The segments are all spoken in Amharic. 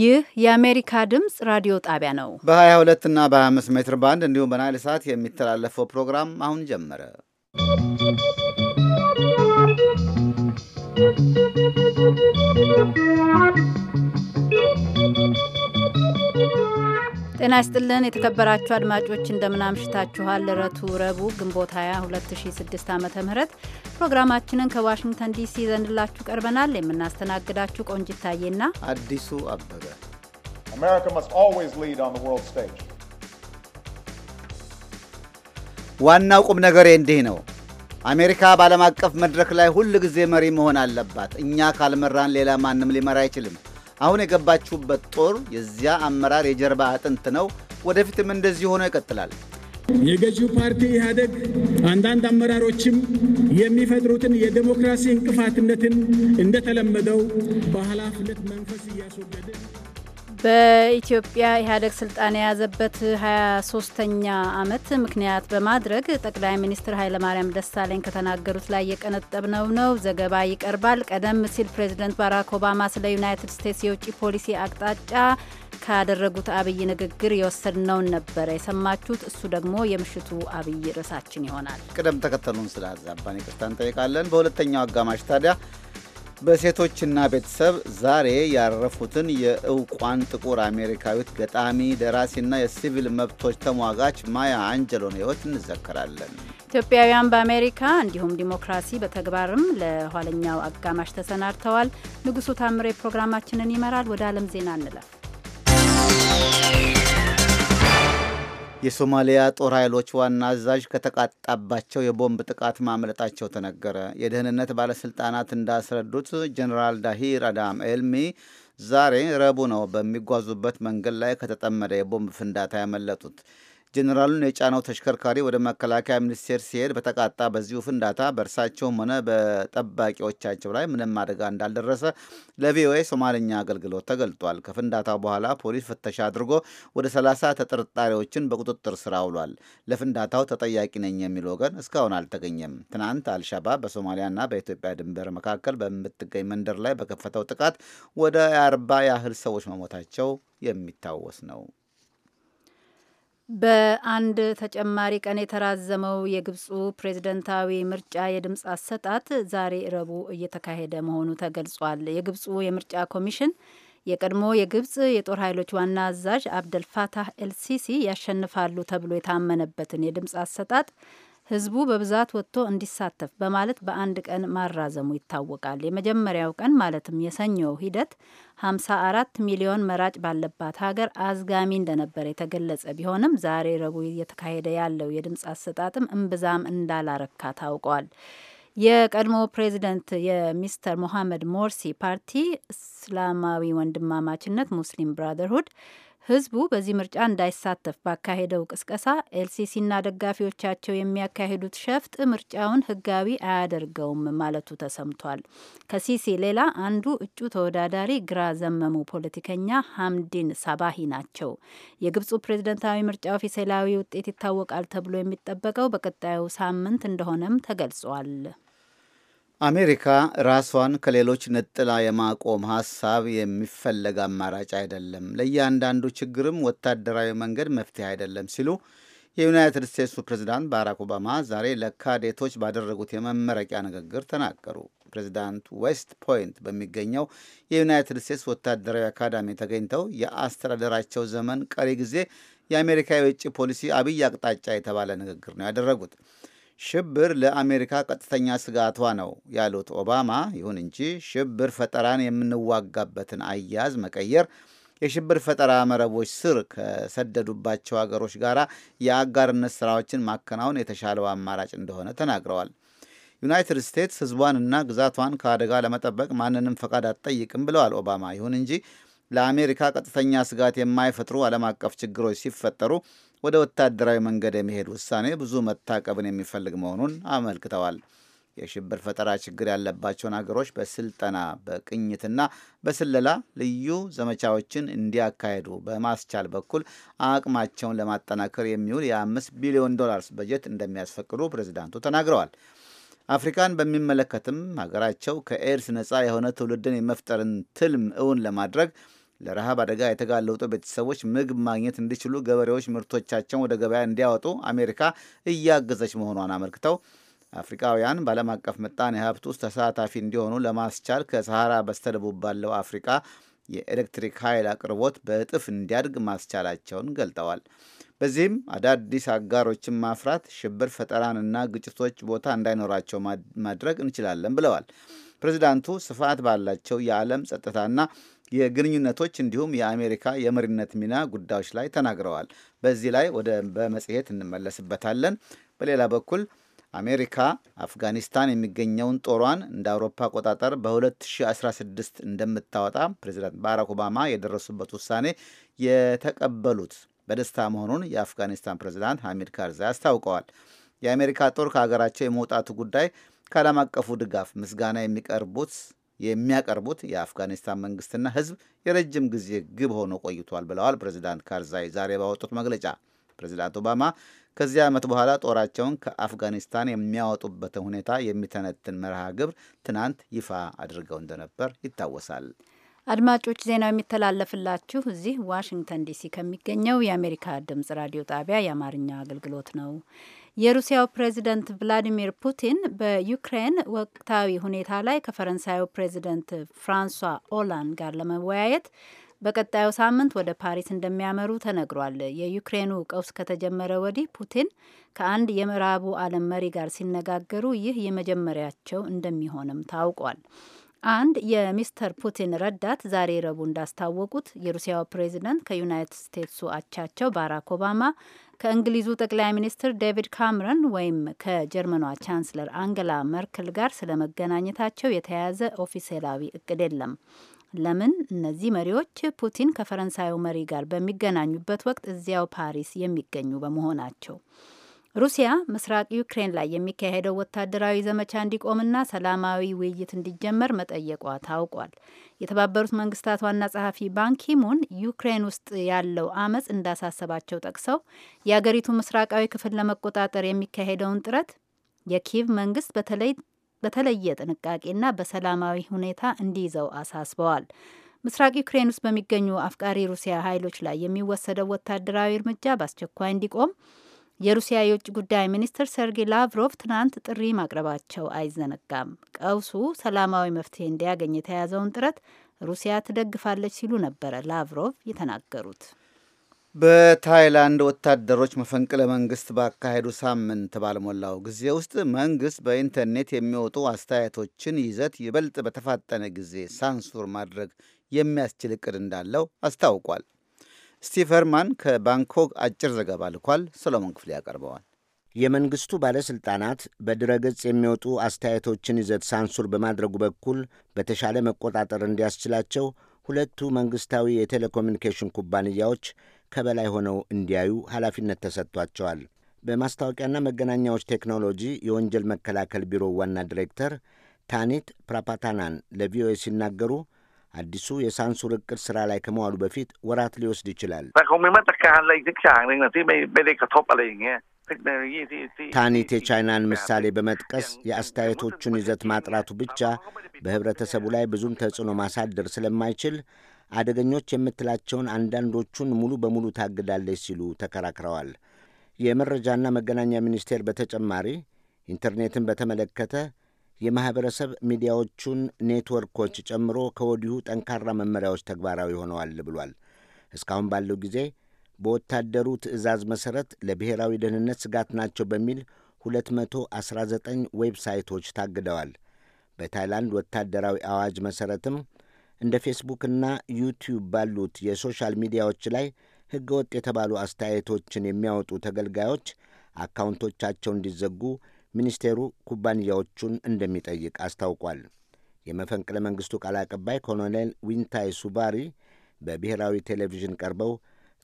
ይህ የአሜሪካ ድምፅ ራዲዮ ጣቢያ ነው። በ22 እና በ25 ሜትር ባንድ እንዲሁም በናይል ሰዓት የሚተላለፈው ፕሮግራም አሁን ጀመረ። ¶¶ ጤና ይስጥልን የተከበራችሁ አድማጮች እንደምናምሽታችኋል። ረቱ ረቡዕ ግንቦት 22 2006 ዓ ም ፕሮግራማችንን ከዋሽንግተን ዲሲ ዘንድላችሁ ቀርበናል። የምናስተናግዳችሁ ቆንጂት ታዬና አዲሱ አበበ። ዋናው ቁም ነገሬ እንዲህ ነው። አሜሪካ በዓለም አቀፍ መድረክ ላይ ሁል ጊዜ መሪ መሆን አለባት። እኛ ካልመራን ሌላ ማንም ሊመራ አይችልም። አሁን የገባችሁበት ጦር የዚያ አመራር የጀርባ አጥንት ነው። ወደፊትም እንደዚህ ሆኖ ይቀጥላል። የገዢው ፓርቲ ኢህአደግ አንዳንድ አመራሮችም የሚፈጥሩትን የዴሞክራሲ እንቅፋትነትን እንደተለመደው በኃላፊነት መንፈስ እያስወገደ በኢትዮጵያ ኢህአዴግ ስልጣን የያዘበት 23ተኛ ዓመት ምክንያት በማድረግ ጠቅላይ ሚኒስትር ኃይለማርያም ደሳለኝ ከተናገሩት ላይ የቀነጠብነው ነው ዘገባ ይቀርባል። ቀደም ሲል ፕሬዚደንት ባራክ ኦባማ ስለ ዩናይትድ ስቴትስ የውጭ ፖሊሲ አቅጣጫ ካደረጉት አብይ ንግግር የወሰድነውን ነበረ የሰማችሁት። እሱ ደግሞ የምሽቱ አብይ ርዕሳችን ይሆናል። ቅደም ተከተሉን ስለ አዛባን ይቅርታ እንጠይቃለን። በሁለተኛው አጋማሽ ታዲያ በሴቶችና ቤተሰብ ዛሬ ያረፉትን የእውቋን ጥቁር አሜሪካዊት ገጣሚ ደራሲና የሲቪል መብቶች ተሟጋች ማያ አንጀሎን ሕይወት እንዘከራለን። ኢትዮጵያውያን በአሜሪካ እንዲሁም ዲሞክራሲ በተግባርም ለኋለኛው አጋማሽ ተሰናድተዋል። ንጉሱ ታምሬ ፕሮግራማችንን ይመራል። ወደ ዓለም ዜና እንለፍ። የሶማሊያ ጦር ኃይሎች ዋና አዛዥ ከተቃጣባቸው የቦምብ ጥቃት ማምለጣቸው ተነገረ። የደህንነት ባለስልጣናት እንዳስረዱት ጀኔራል ዳሂር አዳም ኤልሚ ዛሬ ረቡዕ ነው በሚጓዙበት መንገድ ላይ ከተጠመደ የቦምብ ፍንዳታ ያመለጡት። ጄኔራሉን የጫነው ተሽከርካሪ ወደ መከላከያ ሚኒስቴር ሲሄድ በተቃጣ በዚሁ ፍንዳታ በእርሳቸውም ሆነ በጠባቂዎቻቸው ላይ ምንም አደጋ እንዳልደረሰ ለቪኦኤ ሶማልኛ አገልግሎት ተገልጧል። ከፍንዳታው በኋላ ፖሊስ ፍተሻ አድርጎ ወደ 30 ተጠርጣሪዎችን በቁጥጥር ስር አውሏል። ለፍንዳታው ተጠያቂ ነኝ የሚል ወገን እስካሁን አልተገኘም። ትናንት አልሻባብ በሶማሊያና በኢትዮጵያ ድንበር መካከል በምትገኝ መንደር ላይ በከፈተው ጥቃት ወደ አርባ ያህል ሰዎች መሞታቸው የሚታወስ ነው። በአንድ ተጨማሪ ቀን የተራዘመው የግብፁ ፕሬዝደንታዊ ምርጫ የድምፅ አሰጣት ዛሬ ረቡዕ እየተካሄደ መሆኑ ተገልጿል። የግብፁ የምርጫ ኮሚሽን የቀድሞ የግብፅ የጦር ኃይሎች ዋና አዛዥ አብደልፋታህ ኤልሲሲ ያሸንፋሉ ተብሎ የታመነበትን የድምፅ አሰጣት። ህዝቡ በብዛት ወጥቶ እንዲሳተፍ በማለት በአንድ ቀን ማራዘሙ ይታወቃል። የመጀመሪያው ቀን ማለትም የሰኞው ሂደት 54 ሚሊዮን መራጭ ባለባት ሀገር አዝጋሚ እንደነበረ የተገለጸ ቢሆንም ዛሬ ረቡዕ እየተካሄደ ያለው የድምፅ አሰጣጥም እምብዛም እንዳላረካ ታውቋል። የቀድሞ ፕሬዚደንት የሚስተር ሞሐመድ ሞርሲ ፓርቲ እስላማዊ ወንድማማችነት ሙስሊም ብራደርሁድ ህዝቡ በዚህ ምርጫ እንዳይሳተፍ ባካሄደው ቅስቀሳ ኤልሲሲና ደጋፊዎቻቸው የሚያካሂዱት ሸፍጥ ምርጫውን ህጋዊ አያደርገውም ማለቱ ተሰምቷል። ከሲሲ ሌላ አንዱ እጩ ተወዳዳሪ ግራ ዘመሙ ፖለቲከኛ ሀምዲን ሳባሂ ናቸው። የግብፁ ፕሬዝደንታዊ ምርጫ ኦፊሴላዊ ውጤት ይታወቃል ተብሎ የሚጠበቀው በቀጣዩ ሳምንት እንደሆነም ተገልጿል። አሜሪካ ራሷን ከሌሎች ነጥላ የማቆም ሀሳብ የሚፈለግ አማራጭ አይደለም፣ ለእያንዳንዱ ችግርም ወታደራዊ መንገድ መፍትሄ አይደለም ሲሉ የዩናይትድ ስቴትሱ ፕሬዝዳንት ባራክ ኦባማ ዛሬ ለካዴቶች ባደረጉት የመመረቂያ ንግግር ተናገሩ። ፕሬዚዳንት ዌስት ፖይንት በሚገኘው የዩናይትድ ስቴትስ ወታደራዊ አካዳሚ ተገኝተው የአስተዳደራቸው ዘመን ቀሪ ጊዜ የአሜሪካ የውጭ ፖሊሲ አብይ አቅጣጫ የተባለ ንግግር ነው ያደረጉት። ሽብር ለአሜሪካ ቀጥተኛ ስጋቷ ነው ያሉት ኦባማ፣ ይሁን እንጂ ሽብር ፈጠራን የምንዋጋበትን አያያዝ መቀየር የሽብር ፈጠራ መረቦች ስር ከሰደዱባቸው ሀገሮች ጋር የአጋርነት ስራዎችን ማከናወን የተሻለው አማራጭ እንደሆነ ተናግረዋል። ዩናይትድ ስቴትስ ሕዝቧንና ግዛቷን ከአደጋ ለመጠበቅ ማንንም ፈቃድ አትጠይቅም ብለዋል ኦባማ። ይሁን እንጂ ለአሜሪካ ቀጥተኛ ስጋት የማይፈጥሩ ዓለም አቀፍ ችግሮች ሲፈጠሩ ወደ ወታደራዊ መንገድ የመሄድ ውሳኔ ብዙ መታቀብን የሚፈልግ መሆኑን አመልክተዋል። የሽብር ፈጠራ ችግር ያለባቸውን አገሮች በስልጠና በቅኝትና በስለላ ልዩ ዘመቻዎችን እንዲያካሄዱ በማስቻል በኩል አቅማቸውን ለማጠናከር የሚውል የአምስት ቢሊዮን ዶላርስ በጀት እንደሚያስፈቅዱ ፕሬዚዳንቱ ተናግረዋል። አፍሪካን በሚመለከትም ሀገራቸው ከኤድስ ነፃ የሆነ ትውልድን የመፍጠርን ትልም እውን ለማድረግ ለረሃብ አደጋ የተጋለጡ ቤተሰቦች ምግብ ማግኘት እንዲችሉ ገበሬዎች ምርቶቻቸውን ወደ ገበያ እንዲያወጡ አሜሪካ እያገዘች መሆኗን አመልክተው አፍሪካውያን በዓለም አቀፍ ምጣኔ ሀብት ውስጥ ተሳታፊ እንዲሆኑ ለማስቻል ከሰሃራ በስተደቡብ ባለው አፍሪካ የኤሌክትሪክ ኃይል አቅርቦት በእጥፍ እንዲያድግ ማስቻላቸውን ገልጠዋል። በዚህም አዳዲስ አጋሮችን ማፍራት፣ ሽብር ፈጠራንና ግጭቶች ቦታ እንዳይኖራቸው ማድረግ እንችላለን ብለዋል። ፕሬዚዳንቱ ስፋት ባላቸው የዓለም ጸጥታና የግንኙነቶች እንዲሁም የአሜሪካ የመሪነት ሚና ጉዳዮች ላይ ተናግረዋል። በዚህ ላይ ወደ በመጽሔት እንመለስበታለን። በሌላ በኩል አሜሪካ አፍጋኒስታን የሚገኘውን ጦሯን እንደ አውሮፓ አቆጣጠር በ2016 እንደምታወጣ ፕሬዚዳንት ባራክ ኦባማ የደረሱበት ውሳኔ የተቀበሉት በደስታ መሆኑን የአፍጋኒስታን ፕሬዚዳንት ሐሚድ ካርዛይ አስታውቀዋል። የአሜሪካ ጦር ከሀገራቸው የመውጣቱ ጉዳይ ከዓለም አቀፉ ድጋፍ ምስጋና የሚቀርቡት የሚያቀርቡት የአፍጋኒስታን መንግስትና ህዝብ የረጅም ጊዜ ግብ ሆኖ ቆይቷል ብለዋል ፕሬዚዳንት ካርዛይ ዛሬ ባወጡት መግለጫ። ፕሬዚዳንት ኦባማ ከዚህ ዓመት በኋላ ጦራቸውን ከአፍጋኒስታን የሚያወጡበትን ሁኔታ የሚተነትን መርሃ ግብር ትናንት ይፋ አድርገው እንደነበር ይታወሳል። አድማጮች ዜናው የሚተላለፍላችሁ እዚህ ዋሽንግተን ዲሲ ከሚገኘው የአሜሪካ ድምጽ ራዲዮ ጣቢያ የአማርኛ አገልግሎት ነው። የሩሲያው ፕሬዚደንት ቭላዲሚር ፑቲን በዩክሬን ወቅታዊ ሁኔታ ላይ ከፈረንሳዩ ፕሬዚደንት ፍራንሷ ኦላንድ ጋር ለመወያየት በቀጣዩ ሳምንት ወደ ፓሪስ እንደሚያመሩ ተነግሯል። የዩክሬኑ ቀውስ ከተጀመረ ወዲህ ፑቲን ከአንድ የምዕራቡ ዓለም መሪ ጋር ሲነጋገሩ ይህ የመጀመሪያቸው እንደሚሆንም ታውቋል። አንድ የሚስተር ፑቲን ረዳት ዛሬ ረቡ እንዳስታወቁት የሩሲያው ፕሬዚደንት ከዩናይትድ ስቴትሱ አቻቸው ባራክ ኦባማ ከእንግሊዙ ጠቅላይ ሚኒስትር ዴቪድ ካምረን ወይም ከጀርመኗ ቻንስለር አንገላ መርክል ጋር ስለ መገናኘታቸው የተያያዘ ኦፊሴላዊ እቅድ የለም። ለምን እነዚህ መሪዎች ፑቲን ከፈረንሳዩ መሪ ጋር በሚገናኙበት ወቅት እዚያው ፓሪስ የሚገኙ በመሆናቸው ሩሲያ ምስራቅ ዩክሬን ላይ የሚካሄደው ወታደራዊ ዘመቻ እንዲቆምና ሰላማዊ ውይይት እንዲጀመር መጠየቋ ታውቋል። የተባበሩት መንግስታት ዋና ጸሐፊ ባንኪሙን ዩክሬን ውስጥ ያለው አመፅ እንዳሳሰባቸው ጠቅሰው የአገሪቱ ምስራቃዊ ክፍል ለመቆጣጠር የሚካሄደውን ጥረት የኪቭ መንግስት በተለይ በተለየ ጥንቃቄና በሰላማዊ ሁኔታ እንዲይዘው አሳስበዋል። ምስራቅ ዩክሬን ውስጥ በሚገኙ አፍቃሪ ሩሲያ ኃይሎች ላይ የሚወሰደው ወታደራዊ እርምጃ በአስቸኳይ እንዲቆም የሩሲያ የውጭ ጉዳይ ሚኒስትር ሰርጌይ ላቭሮቭ ትናንት ጥሪ ማቅረባቸው አይዘነጋም። ቀውሱ ሰላማዊ መፍትሄ እንዲያገኝ የተያዘውን ጥረት ሩሲያ ትደግፋለች ሲሉ ነበረ ላቭሮቭ የተናገሩት። በታይላንድ ወታደሮች መፈንቅለ መንግስት ባካሄዱ ሳምንት ባልሞላው ጊዜ ውስጥ መንግስት በኢንተርኔት የሚወጡ አስተያየቶችን ይዘት ይበልጥ በተፋጠነ ጊዜ ሳንሱር ማድረግ የሚያስችል እቅድ እንዳለው አስታውቋል። ስቲቭ ሄርማን ከባንኮክ አጭር ዘገባ ልኳል። ሰሎሞን ክፍሌ ያቀርበዋል። የመንግሥቱ ባለሥልጣናት በድረገጽ የሚወጡ አስተያየቶችን ይዘት ሳንሱር በማድረጉ በኩል በተሻለ መቆጣጠር እንዲያስችላቸው ሁለቱ መንግሥታዊ የቴሌኮሚኒኬሽን ኩባንያዎች ከበላይ ሆነው እንዲያዩ ኃላፊነት ተሰጥቷቸዋል። በማስታወቂያና መገናኛዎች ቴክኖሎጂ የወንጀል መከላከል ቢሮ ዋና ዲሬክተር ታኒት ፕራፓታናን ለቪኦኤ ሲናገሩ አዲሱ የሳንሱር እቅድ ስራ ላይ ከመዋሉ በፊት ወራት ሊወስድ ይችላል። ታኒት የቻይናን ምሳሌ በመጥቀስ የአስተያየቶቹን ይዘት ማጥራቱ ብቻ በህብረተሰቡ ላይ ብዙም ተጽዕኖ ማሳደር ስለማይችል አደገኞች የምትላቸውን አንዳንዶቹን ሙሉ በሙሉ ታግዳለች ሲሉ ተከራክረዋል። የመረጃና መገናኛ ሚኒስቴር በተጨማሪ ኢንተርኔትን በተመለከተ የማኅበረሰብ ሚዲያዎቹን ኔትወርኮች ጨምሮ ከወዲሁ ጠንካራ መመሪያዎች ተግባራዊ ሆነዋል ብሏል። እስካሁን ባለው ጊዜ በወታደሩ ትዕዛዝ መሠረት ለብሔራዊ ደህንነት ስጋት ናቸው በሚል 219 ዌብሳይቶች ታግደዋል። በታይላንድ ወታደራዊ አዋጅ መሠረትም እንደ ፌስቡክና ዩቲዩብ ባሉት የሶሻል ሚዲያዎች ላይ ሕገ ወጥ የተባሉ አስተያየቶችን የሚያወጡ ተገልጋዮች አካውንቶቻቸው እንዲዘጉ ሚኒስቴሩ ኩባንያዎቹን እንደሚጠይቅ አስታውቋል። የመፈንቅለ መንግሥቱ ቃል አቀባይ ኮሎኔል ዊንታይ ሱባሪ በብሔራዊ ቴሌቪዥን ቀርበው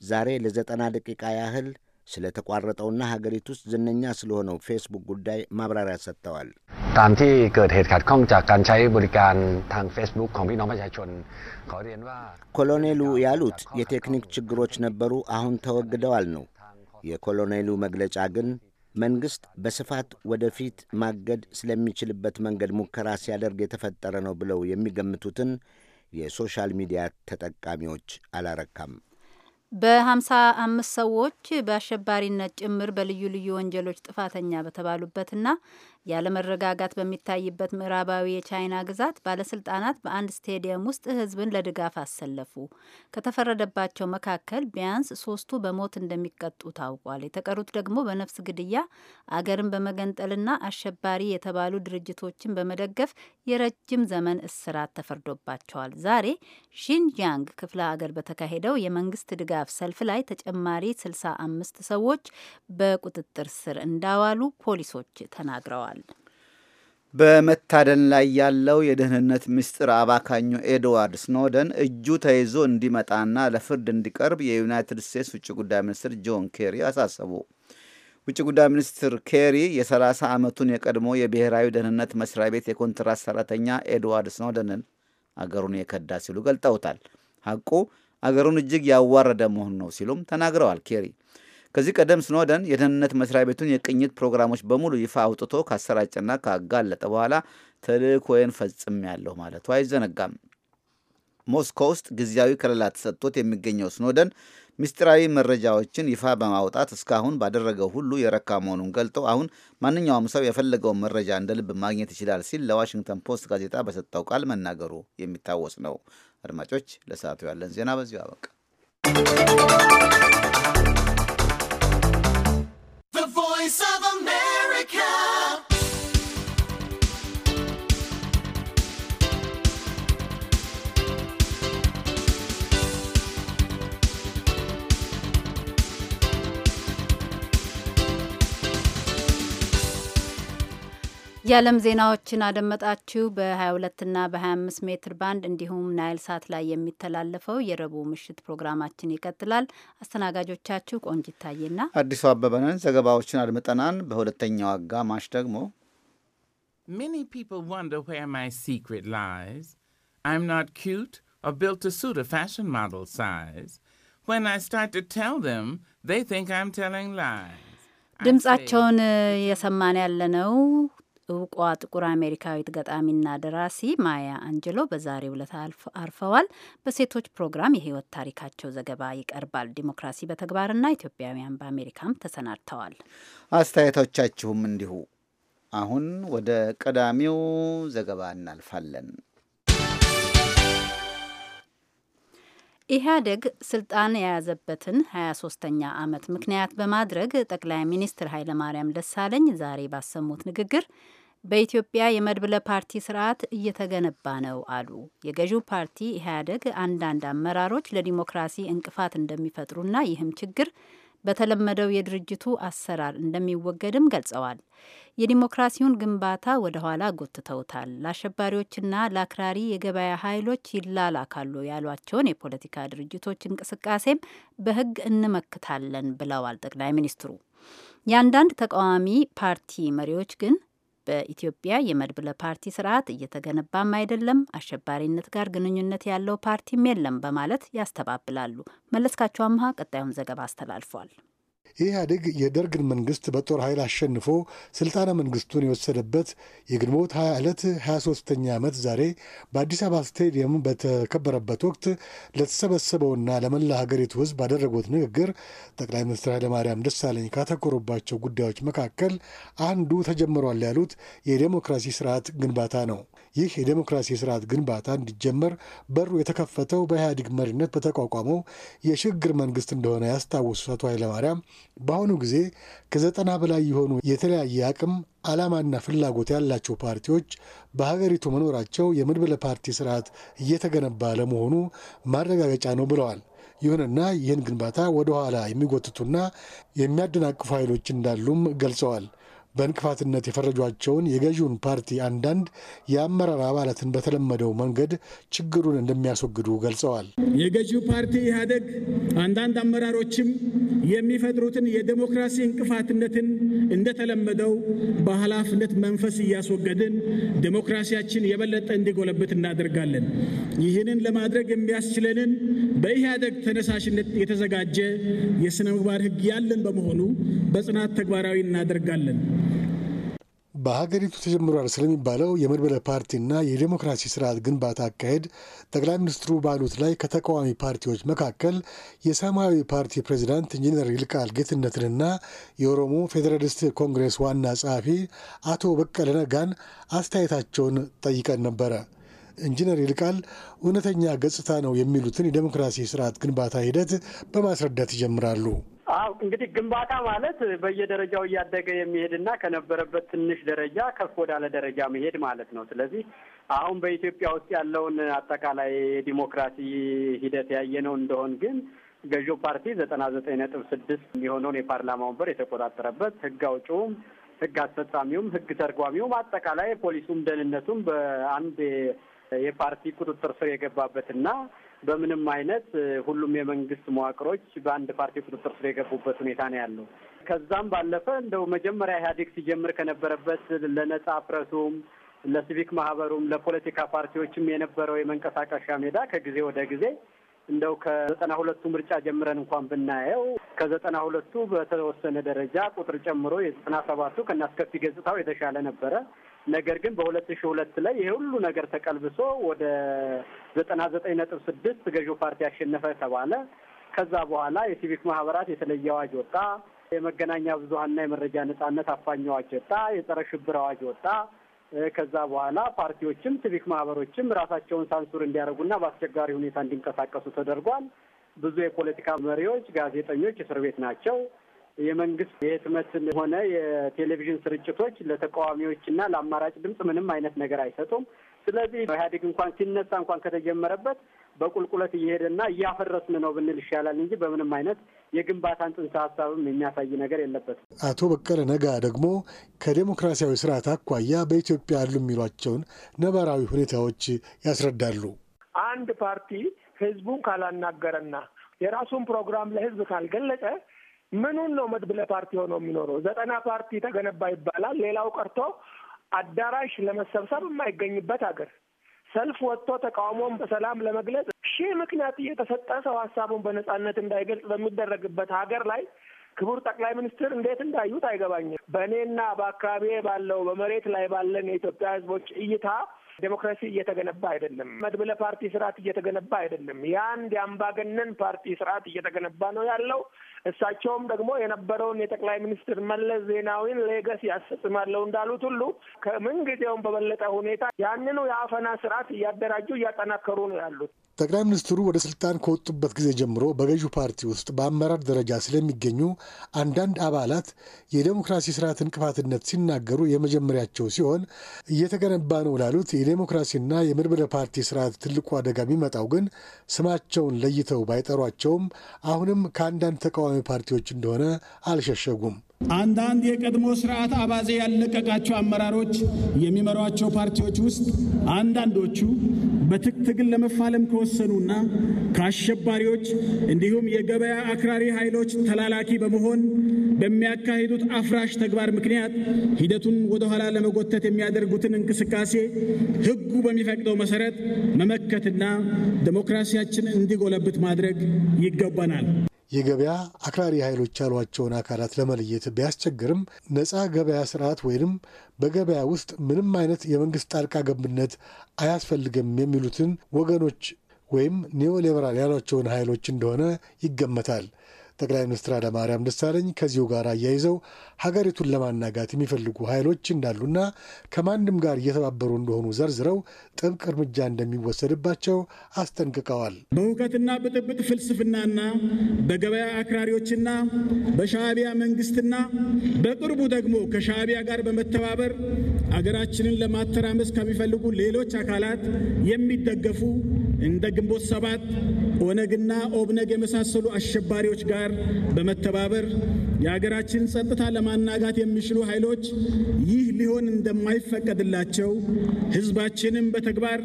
ዛሬ ለዘጠና ደቂቃ ያህል ስለ ተቋረጠውና ሀገሪቱ ውስጥ ዝነኛ ስለሆነው ፌስቡክ ጉዳይ ማብራሪያ ሰጥተዋል። ኮሎኔሉ ያሉት የቴክኒክ ችግሮች ነበሩ፣ አሁን ተወግደዋል ነው። የኮሎኔሉ መግለጫ ግን መንግሥት በስፋት ወደፊት ማገድ ስለሚችልበት መንገድ ሙከራ ሲያደርግ የተፈጠረ ነው ብለው የሚገምቱትን የሶሻል ሚዲያ ተጠቃሚዎች አላረካም። በሀምሳ አምስት ሰዎች በአሸባሪነት ጭምር በልዩ ልዩ ወንጀሎች ጥፋተኛ በተባሉበትና ያለመረጋጋት በሚታይበት ምዕራባዊ የቻይና ግዛት ባለስልጣናት በአንድ ስቴዲየም ውስጥ ህዝብን ለድጋፍ አሰለፉ። ከተፈረደባቸው መካከል ቢያንስ ሶስቱ በሞት እንደሚቀጡ ታውቋል። የተቀሩት ደግሞ በነፍስ ግድያ፣ አገርን በመገንጠልና አሸባሪ የተባሉ ድርጅቶችን በመደገፍ የረጅም ዘመን እስራት ተፈርዶባቸዋል። ዛሬ ሺንጃንግ ክፍለ አገር በተካሄደው የመንግስት ድጋፍ ሰልፍ ላይ ተጨማሪ ስልሳ አምስት ሰዎች በቁጥጥር ስር እንዳዋሉ ፖሊሶች ተናግረዋል። ገልጸዋል። በመታደን ላይ ያለው የደህንነት ምስጢር አባካኙ ኤድዋርድ ስኖደን እጁ ተይዞ እንዲመጣና ለፍርድ እንዲቀርብ የዩናይትድ ስቴትስ ውጭ ጉዳይ ሚኒስትር ጆን ኬሪ አሳሰቡ። ውጭ ጉዳይ ሚኒስትር ኬሪ የ30 ዓመቱን የቀድሞ የብሔራዊ ደህንነት መስሪያ ቤት የኮንትራት ሰራተኛ ኤድዋርድ ስኖደንን አገሩን የከዳ ሲሉ ገልጠውታል። ሐቁ አገሩን እጅግ ያዋረደ መሆኑ ነው ሲሉም ተናግረዋል። ኬሪ ከዚህ ቀደም ስኖደን የደህንነት መስሪያ ቤቱን የቅኝት ፕሮግራሞች በሙሉ ይፋ አውጥቶ ካሰራጨና ካጋለጠ በኋላ ተልእኮዬን ፈጽሜያለሁ ማለቱ አይዘነጋም። ሞስኮ ውስጥ ጊዜያዊ ከለላ ተሰጥቶት የሚገኘው ስኖደን ምስጢራዊ መረጃዎችን ይፋ በማውጣት እስካሁን ባደረገው ሁሉ የረካ መሆኑን ገልጠው አሁን ማንኛውም ሰው የፈለገውን መረጃ እንደ ልብ ማግኘት ይችላል ሲል ለዋሽንግተን ፖስት ጋዜጣ በሰጠው ቃል መናገሩ የሚታወስ ነው። አድማጮች፣ ለሰዓቱ ያለን ዜና በዚሁ አበቃ። የዓለም ዜናዎችን አደመጣችሁ። በ22 እና በ25 ሜትር ባንድ እንዲሁም ናይል ሳት ላይ የሚተላለፈው የረቡዕ ምሽት ፕሮግራማችን ይቀጥላል። አስተናጋጆቻችሁ ቆንጅ ይታየና አዲሱ አበበንን ዘገባዎችን አድምጠናል። በሁለተኛው አጋማሽ ደግሞ Many people wonder where my secret lies. I'm not cute or built to suit a fashion model size. When I start to tell them, they think I'm telling lies. ድምጻቸውን የሰማን ያለነው እውቋ ጥቁር አሜሪካዊት ገጣሚና ደራሲ ማያ አንጀሎ በዛሬው ዕለት አርፈዋል። በሴቶች ፕሮግራም የህይወት ታሪካቸው ዘገባ ይቀርባል። ዲሞክራሲ በተግባርና ኢትዮጵያውያን በአሜሪካም ተሰናድተዋል። አስተያየቶቻችሁም እንዲሁ። አሁን ወደ ቀዳሚው ዘገባ እናልፋለን። ኢህአዴግ ስልጣን የያዘበትን 23ኛ ዓመት ምክንያት በማድረግ ጠቅላይ ሚኒስትር ኃይለማርያም ደሳለኝ ዛሬ ባሰሙት ንግግር በኢትዮጵያ የመድብለ ፓርቲ ስርዓት እየተገነባ ነው አሉ። የገዢው ፓርቲ ኢህአዴግ አንዳንድ አመራሮች ለዲሞክራሲ እንቅፋት እንደሚፈጥሩና ይህም ችግር በተለመደው የድርጅቱ አሰራር እንደሚወገድም ገልጸዋል። የዲሞክራሲውን ግንባታ ወደ ኋላ ጎትተውታል። ለአሸባሪዎችና ለአክራሪ የገበያ ኃይሎች ይላላካሉ ያሏቸውን የፖለቲካ ድርጅቶች እንቅስቃሴም በሕግ እንመክታለን ብለዋል ጠቅላይ ሚኒስትሩ። የአንዳንድ ተቃዋሚ ፓርቲ መሪዎች ግን በኢትዮጵያ የመድብለ ፓርቲ ስርዓት እየተገነባም አይደለም፣ አሸባሪነት ጋር ግንኙነት ያለው ፓርቲም የለም በማለት ያስተባብላሉ። መለስካቸው አምሃ ቀጣዩን ዘገባ አስተላልፏል። ኢህአዴግ የደርግን መንግስት በጦር ኃይል አሸንፎ ስልጣነ መንግስቱን የወሰደበት የግንቦት 20 ዕለት 23ኛ ዓመት ዛሬ በአዲስ አበባ ስቴዲየም በተከበረበት ወቅት ለተሰበሰበውና ለመላ ሀገሪቱ ህዝብ ባደረጉት ንግግር ጠቅላይ ሚኒስትር ኃይለማርያም ደሳለኝ ካተኮሩባቸው ጉዳዮች መካከል አንዱ ተጀምሯል ያሉት የዴሞክራሲ ስርዓት ግንባታ ነው። ይህ የዴሞክራሲ ስርዓት ግንባታ እንዲጀመር በሩ የተከፈተው በኢህአዴግ መሪነት በተቋቋመው የሽግግር መንግስት እንደሆነ ያስታወሱት አቶ ኃይለማርያም በአሁኑ ጊዜ ከዘጠና በላይ የሆኑ የተለያየ አቅም ዓላማና ፍላጎት ያላቸው ፓርቲዎች በሀገሪቱ መኖራቸው የመድበለ ፓርቲ ስርዓት እየተገነባ ለመሆኑ ማረጋገጫ ነው ብለዋል። ይሁንና ይህን ግንባታ ወደ ኋላ የሚጎትቱና የሚያደናቅፉ ኃይሎች እንዳሉም ገልጸዋል። በእንቅፋትነት የፈረጇቸውን የገዢውን ፓርቲ አንዳንድ የአመራር አባላትን በተለመደው መንገድ ችግሩን እንደሚያስወግዱ ገልጸዋል። የገዢው ፓርቲ ኢህአደግ አንዳንድ አመራሮችም የሚፈጥሩትን የዴሞክራሲ እንቅፋትነትን እንደተለመደው በኃላፊነት መንፈስ እያስወገድን ዴሞክራሲያችን የበለጠ እንዲጎለብት እናደርጋለን። ይህንን ለማድረግ የሚያስችለንን በኢህአደግ ተነሳሽነት የተዘጋጀ የስነ ምግባር ህግ ያለን በመሆኑ በጽናት ተግባራዊ እናደርጋለን። በሀገሪቱ ተጀምሯል ስለሚባለው የመድበለ ፓርቲና የዴሞክራሲ ስርዓት ግንባታ አካሄድ ጠቅላይ ሚኒስትሩ ባሉት ላይ ከተቃዋሚ ፓርቲዎች መካከል የሰማያዊ ፓርቲ ፕሬዚዳንት ኢንጂነር ይልቃል ጌትነትንና የኦሮሞ ፌዴራሊስት ኮንግሬስ ዋና ጸሐፊ አቶ በቀለ ነጋን አስተያየታቸውን ጠይቀን ነበረ። ኢንጂነር ይልቃል እውነተኛ ገጽታ ነው የሚሉትን የዴሞክራሲ ስርዓት ግንባታ ሂደት በማስረዳት ይጀምራሉ። አው እንግዲህ ግንባታ ማለት በየደረጃው እያደገ የሚሄድና ከነበረበት ትንሽ ደረጃ ከፍ ወዳለ ደረጃ መሄድ ማለት ነው። ስለዚህ አሁን በኢትዮጵያ ውስጥ ያለውን አጠቃላይ የዲሞክራሲ ሂደት ያየነው እንደሆን ግን ገዢው ፓርቲ ዘጠና ዘጠኝ ነጥብ ስድስት የሚሆነውን የፓርላማ ወንበር የተቆጣጠረበት ህግ አውጭውም ህግ አስፈጻሚውም ህግ ተርጓሚውም አጠቃላይ ፖሊሱም ደህንነቱም በአንድ የፓርቲ ቁጥጥር ስር የገባበትና በምንም አይነት ሁሉም የመንግስት መዋቅሮች በአንድ ፓርቲ ቁጥጥር ስር የገቡበት ሁኔታ ነው ያለው። ከዛም ባለፈ እንደው መጀመሪያ ኢህአዴግ ሲጀምር ከነበረበት ለነጻ ፕረሱም ለሲቪክ ማህበሩም ለፖለቲካ ፓርቲዎችም የነበረው የመንቀሳቀሻ ሜዳ ከጊዜ ወደ ጊዜ እንደው ከዘጠና ሁለቱ ምርጫ ጀምረን እንኳን ብናየው ከዘጠና ሁለቱ በተወሰነ ደረጃ ቁጥር ጨምሮ የዘጠና ሰባቱ ከናስከፊ ገጽታው የተሻለ ነበረ። ነገር ግን በሁለት ሺ ሁለት ላይ ይሄ ሁሉ ነገር ተቀልብሶ ወደ ዘጠና ዘጠኝ ነጥብ ስድስት ገዢው ፓርቲ ያሸነፈ ተባለ። ከዛ በኋላ የሲቪክ ማህበራት የተለየ አዋጅ ወጣ። የመገናኛ ብዙሀንና የመረጃ ነጻነት አፋኝ አዋጅ ወጣ። የጸረ ሽብር አዋጅ ወጣ። ከዛ በኋላ ፓርቲዎችም ሲቪክ ማህበሮችም ራሳቸውን ሳንሱር እንዲያደርጉና በአስቸጋሪ ሁኔታ እንዲንቀሳቀሱ ተደርጓል። ብዙ የፖለቲካ መሪዎች፣ ጋዜጠኞች እስር ቤት ናቸው። የመንግስት የህትመት ሆነ የቴሌቪዥን ስርጭቶች ለተቃዋሚዎችና ለአማራጭ ድምፅ ምንም አይነት ነገር አይሰጡም። ስለዚህ ኢህአዴግ እንኳን ሲነሳ እንኳን ከተጀመረበት በቁልቁለት እየሄደና እያፈረስን ነው ብንል ይሻላል እንጂ በምንም አይነት የግንባታን ጽንሰ ሀሳብም የሚያሳይ ነገር የለበትም። አቶ በቀለ ነጋ ደግሞ ከዴሞክራሲያዊ ስርዓት አኳያ በኢትዮጵያ ያሉ የሚሏቸውን ነባራዊ ሁኔታዎች ያስረዳሉ። አንድ ፓርቲ ህዝቡን ካላናገረና የራሱን ፕሮግራም ለህዝብ ካልገለጸ ምኑን ነው መድብለ ፓርቲ ሆኖ የሚኖረው? ዘጠና ፓርቲ ተገነባ ይባላል። ሌላው ቀርቶ አዳራሽ ለመሰብሰብ የማይገኝበት ሀገር ሰልፍ ወጥቶ ተቃውሞን በሰላም ለመግለጽ ሺህ ምክንያት እየተሰጠ ሰው ሀሳቡን በነጻነት እንዳይገልጽ በሚደረግበት ሀገር ላይ ክቡር ጠቅላይ ሚኒስትር እንዴት እንዳዩት አይገባኝም። በእኔና በአካባቢ ባለው በመሬት ላይ ባለን የኢትዮጵያ ሕዝቦች እይታ ዴሞክራሲ እየተገነባ አይደለም። መድብለ ፓርቲ ስርዓት እየተገነባ አይደለም። የአንድ የአምባገነን ፓርቲ ስርዓት እየተገነባ ነው ያለው። እሳቸውም ደግሞ የነበረውን የጠቅላይ ሚኒስትር መለስ ዜናዊን ሌገስ ያስፈጽማለሁ እንዳሉት ሁሉ ከምን በበለጠ ሁኔታ ያንኑ የአፈና ስርዓት እያደራጁ እያጠናከሩ ነው ያሉት። ጠቅላይ ሚኒስትሩ ወደ ስልጣን ከወጡበት ጊዜ ጀምሮ በገዢው ፓርቲ ውስጥ በአመራር ደረጃ ስለሚገኙ አንዳንድ አባላት የዴሞክራሲ ስርዓት እንቅፋትነት ሲናገሩ የመጀመሪያቸው ሲሆን እየተገነባ ነው ላሉት የዴሞክራሲና የመድበለ ፓርቲ ስርዓት ትልቁ አደጋ የሚመጣው ግን ስማቸውን ለይተው ባይጠሯቸውም አሁንም ከአንዳንድ ተቃዋሚ ተቃዋሚ ፓርቲዎች እንደሆነ አልሸሸጉም። አንዳንድ የቀድሞ ስርዓት አባዜ ያለቀቃቸው አመራሮች የሚመሯቸው ፓርቲዎች ውስጥ አንዳንዶቹ በትግል ለመፋለም ከወሰኑና ከአሸባሪዎች እንዲሁም የገበያ አክራሪ ኃይሎች ተላላኪ በመሆን በሚያካሂዱት አፍራሽ ተግባር ምክንያት ሂደቱን ወደኋላ ለመጎተት የሚያደርጉትን እንቅስቃሴ ሕጉ በሚፈቅደው መሰረት መመከትና ዴሞክራሲያችን እንዲጎለብት ማድረግ ይገባናል። የገበያ አክራሪ ኃይሎች ያሏቸውን አካላት ለመለየት ቢያስቸግርም ነፃ ገበያ ስርዓት ወይንም በገበያ ውስጥ ምንም አይነት የመንግስት ጣልቃ ገብነት አያስፈልግም የሚሉትን ወገኖች ወይም ኒዮሊበራል ያሏቸውን ኃይሎች እንደሆነ ይገመታል። ጠቅላይ ሚኒስትር ኃይለማርያም ደሳለኝ ከዚሁ ጋር አያይዘው ሀገሪቱን ለማናጋት የሚፈልጉ ኃይሎች እንዳሉና ከማንም ጋር እየተባበሩ እንደሆኑ ዘርዝረው ጥብቅ እርምጃ እንደሚወሰድባቸው አስጠንቅቀዋል። በሁከትና ብጥብጥ ፍልስፍናና በገበያ አክራሪዎችና በሻዕቢያ መንግስትና በቅርቡ ደግሞ ከሻዕቢያ ጋር በመተባበር አገራችንን ለማተራመስ ከሚፈልጉ ሌሎች አካላት የሚደገፉ እንደ ግንቦት ሰባት ኦነግና ኦብነግ የመሳሰሉ አሸባሪዎች ጋር በመተባበር የሀገራችን ጸጥታ ለማናጋት የሚችሉ ኃይሎች ይህ ሊሆን እንደማይፈቀድላቸው ህዝባችንም በተግባር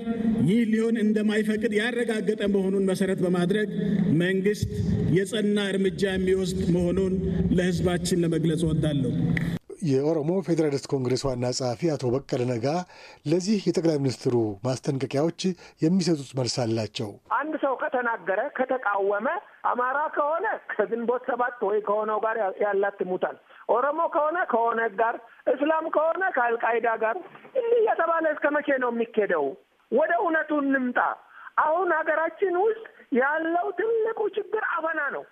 ይህ ሊሆን እንደማይፈቅድ ያረጋገጠ መሆኑን መሰረት በማድረግ መንግስት የጸና እርምጃ የሚወስድ መሆኑን ለህዝባችን ለመግለጽ እወዳለሁ። የኦሮሞ ፌዴራሊስት ኮንግሬስ ዋና ጸሐፊ አቶ በቀለ ነጋ ለዚህ የጠቅላይ ሚኒስትሩ ማስጠንቀቂያዎች የሚሰጡት መልስ አላቸው። አንድ ሰው ከተናገረ፣ ከተቃወመ አማራ ከሆነ ከግንቦት ሰባት ወይ ከሆነው ጋር ያላትሙታል። ኦሮሞ ከሆነ ከኦነግ ጋር፣ እስላም ከሆነ ከአልቃይዳ ጋር እንዲህ እየተባለ እስከ መቼ ነው የሚኬደው? ወደ እውነቱ እንምጣ። አሁን ሀገራችን ውስጥ ያለው ትልቁ ችግር አፈና ነው።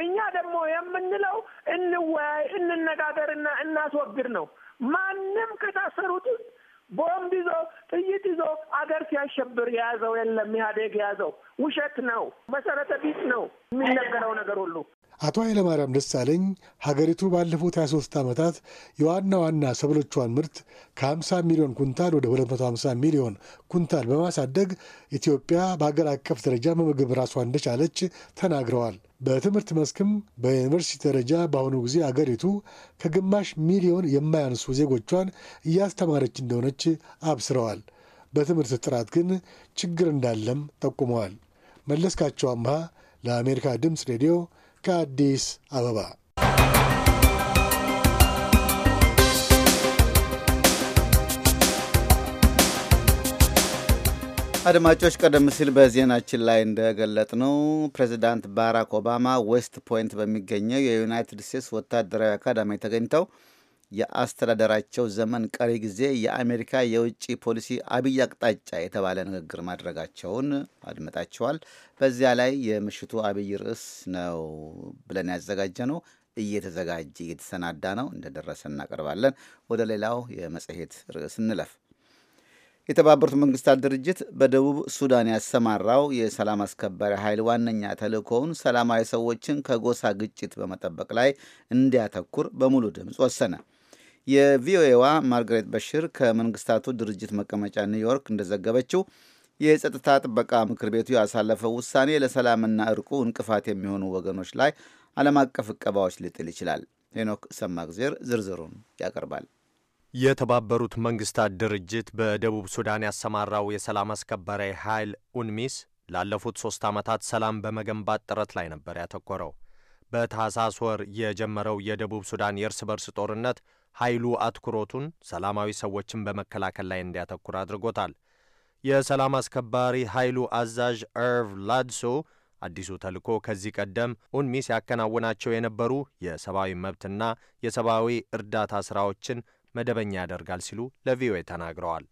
እኛ ደግሞ የምንለው እንወያይ፣ እንነጋገርና እናስወግድ ነው። ማንም ከታሰሩት ቦምብ ይዞ ጥይት ይዞ አገር ሲያሸብር የያዘው የለም። ኢህአዴግ የያዘው ውሸት ነው፣ መሰረተ ቢስ ነው የሚነገረው ነገር ሁሉ። አቶ ኃይለማርያም ደሳለኝ ሀገሪቱ ባለፉት 23 ዓመታት የዋና ዋና ሰብሎቿን ምርት ከ50 ሚሊዮን ኩንታል ወደ 250 ሚሊዮን ኩንታል በማሳደግ ኢትዮጵያ በአገር አቀፍ ደረጃ በምግብ ራሷ እንደቻለች ተናግረዋል። በትምህርት መስክም በዩኒቨርሲቲ ደረጃ በአሁኑ ጊዜ አገሪቱ ከግማሽ ሚሊዮን የማያንሱ ዜጎቿን እያስተማረች እንደሆነች አብስረዋል። በትምህርት ጥራት ግን ችግር እንዳለም ጠቁመዋል። መለስካቸው አምሃ ለአሜሪካ ድምፅ ሬዲዮ ከአዲስ አበባ አድማጮች ቀደም ሲል በዜናችን ላይ ነው ፕሬዚዳንት ባራክ ኦባማ ዌስት ፖይንት በሚገኘው የዩናይትድ ስቴትስ ወታደራዊ አካዳሚ ተገኝተው የአስተዳደራቸው ዘመን ቀሪ ጊዜ የአሜሪካ የውጭ ፖሊሲ አብይ አቅጣጫ የተባለ ንግግር ማድረጋቸውን አድምጣቸዋል። በዚያ ላይ የምሽቱ አብይ ርዕስ ነው ብለን ያዘጋጀ ነው እየተዘጋጀ እየተሰናዳ ነው። እንደደረሰ እናቀርባለን። ወደ ሌላው የመጽሔት ርዕስ እንለፍ። የተባበሩት መንግስታት ድርጅት በደቡብ ሱዳን ያሰማራው የሰላም አስከባሪ ኃይል ዋነኛ ተልእኮውን ሰላማዊ ሰዎችን ከጎሳ ግጭት በመጠበቅ ላይ እንዲያተኩር በሙሉ ድምፅ ወሰነ። የቪኦኤዋ ማርግሬት በሽር ከመንግስታቱ ድርጅት መቀመጫ ኒውዮርክ እንደዘገበችው የጸጥታ ጥበቃ ምክር ቤቱ ያሳለፈው ውሳኔ ለሰላምና እርቁ እንቅፋት የሚሆኑ ወገኖች ላይ ዓለም አቀፍ እቀባዎች ሊጥል ይችላል። ሄኖክ ሰማግዜር ዝርዝሩን ያቀርባል። የተባበሩት መንግስታት ድርጅት በደቡብ ሱዳን ያሰማራው የሰላም አስከባሪ ኃይል ኡንሚስ ላለፉት ሶስት ዓመታት ሰላም በመገንባት ጥረት ላይ ነበር ያተኮረው። በታህሳስ ወር የጀመረው የደቡብ ሱዳን የእርስ በርስ ጦርነት ኃይሉ አትኩሮቱን ሰላማዊ ሰዎችን በመከላከል ላይ እንዲያተኩር አድርጎታል። የሰላም አስከባሪ ኃይሉ አዛዥ ኤርቭ ላድሶ አዲሱ ተልእኮ ከዚህ ቀደም ኡንሚ ሲያከናውናቸው የነበሩ የሰብአዊ መብትና የሰብአዊ እርዳታ ሥራዎችን መደበኛ ያደርጋል ሲሉ ለቪኦኤ ተናግረዋል።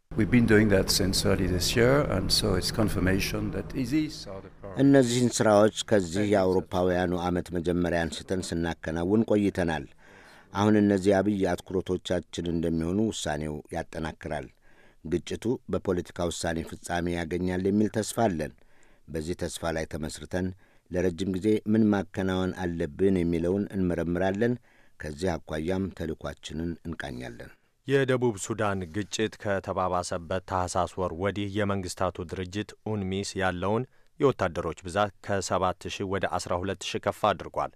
እነዚህን ሥራዎች ከዚህ የአውሮፓውያኑ ዓመት መጀመሪያ አንስተን ስናከናውን ቆይተናል። አሁን እነዚህ አብይ አትኩሮቶቻችን እንደሚሆኑ ውሳኔው ያጠናክራል። ግጭቱ በፖለቲካ ውሳኔ ፍጻሜ ያገኛል የሚል ተስፋ አለን። በዚህ ተስፋ ላይ ተመስርተን ለረጅም ጊዜ ምን ማከናወን አለብን የሚለውን እንመረምራለን። ከዚህ አኳያም ተልኳችንን እንቃኛለን። የደቡብ ሱዳን ግጭት ከተባባሰበት ታህሳስ ወር ወዲህ የመንግስታቱ ድርጅት ኡንሚስ ያለውን የወታደሮች ብዛት ከ7 ወደ 12 ከፍ አድርጓል።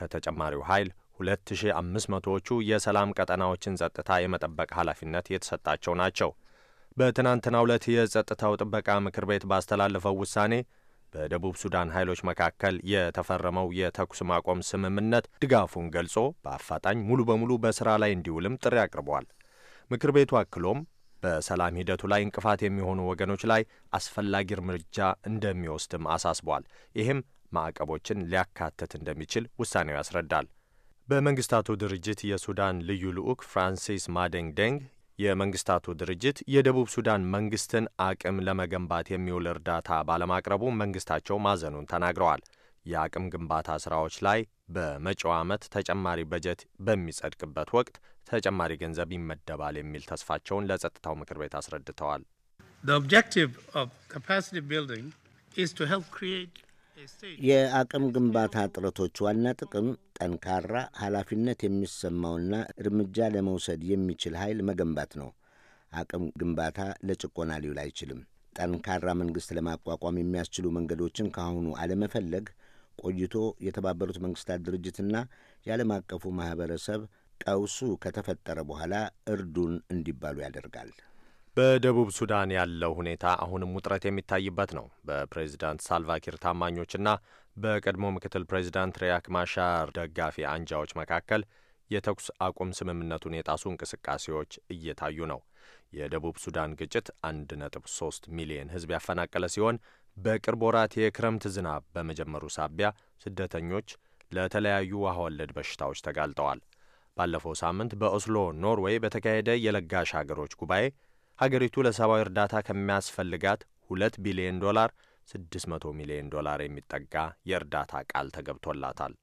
ከተጨማሪው ኃይል 2500ዎቹ የሰላም ቀጠናዎችን ጸጥታ የመጠበቅ ኃላፊነት የተሰጣቸው ናቸው። በትናንትናው ዕለት የጸጥታው ጥበቃ ምክር ቤት ባስተላለፈው ውሳኔ በደቡብ ሱዳን ኃይሎች መካከል የተፈረመው የተኩስ ማቆም ስምምነት ድጋፉን ገልጾ በአፋጣኝ ሙሉ በሙሉ በሥራ ላይ እንዲውልም ጥሪ አቅርቧል። ምክር ቤቱ አክሎም በሰላም ሂደቱ ላይ እንቅፋት የሚሆኑ ወገኖች ላይ አስፈላጊ እርምጃ እንደሚወስድም አሳስቧል። ይህም ማዕቀቦችን ሊያካትት እንደሚችል ውሳኔው ያስረዳል። በመንግስታቱ ድርጅት የሱዳን ልዩ ልዑክ ፍራንሲስ ማደንግ ደንግ የመንግስታቱ ድርጅት የደቡብ ሱዳን መንግስትን አቅም ለመገንባት የሚውል እርዳታ ባለማቅረቡ መንግስታቸው ማዘኑን ተናግረዋል። የአቅም ግንባታ ስራዎች ላይ በመጪው ዓመት ተጨማሪ በጀት በሚጸድቅበት ወቅት ተጨማሪ ገንዘብ ይመደባል የሚል ተስፋቸውን ለጸጥታው ምክር ቤት አስረድተዋል። የአቅም ግንባታ ጥረቶች ዋና ጥቅም ጠንካራ ኃላፊነት የሚሰማውና እርምጃ ለመውሰድ የሚችል ኃይል መገንባት ነው። አቅም ግንባታ ለጭቆና ሊውል አይችልም። ጠንካራ መንግሥት ለማቋቋም የሚያስችሉ መንገዶችን ከአሁኑ አለመፈለግ ቆይቶ የተባበሩት መንግሥታት ድርጅትና የዓለም አቀፉ ማኅበረሰብ ቀውሱ ከተፈጠረ በኋላ እርዱን እንዲባሉ ያደርጋል። በደቡብ ሱዳን ያለው ሁኔታ አሁንም ውጥረት የሚታይበት ነው። በፕሬዚዳንት ሳልቫኪር ታማኞችና በቀድሞ ምክትል ፕሬዚዳንት ሪያክ ማሻር ደጋፊ አንጃዎች መካከል የተኩስ አቁም ስምምነቱን የጣሱ እንቅስቃሴዎች እየታዩ ነው። የደቡብ ሱዳን ግጭት 1.3 ሚሊዮን ሕዝብ ያፈናቀለ ሲሆን በቅርብ ወራት የክረምት ዝናብ በመጀመሩ ሳቢያ ስደተኞች ለተለያዩ ውሃ ወለድ በሽታዎች ተጋልጠዋል። ባለፈው ሳምንት በኦስሎ ኖርዌይ በተካሄደ የለጋሽ አገሮች ጉባኤ ሀገሪቱ ለሰብአዊ እርዳታ ከሚያስፈልጋት ሁለት ቢሊዮን ዶላር 600 ሚሊዮን ዶላር የሚጠጋ የእርዳታ ቃል ተገብቶላታል።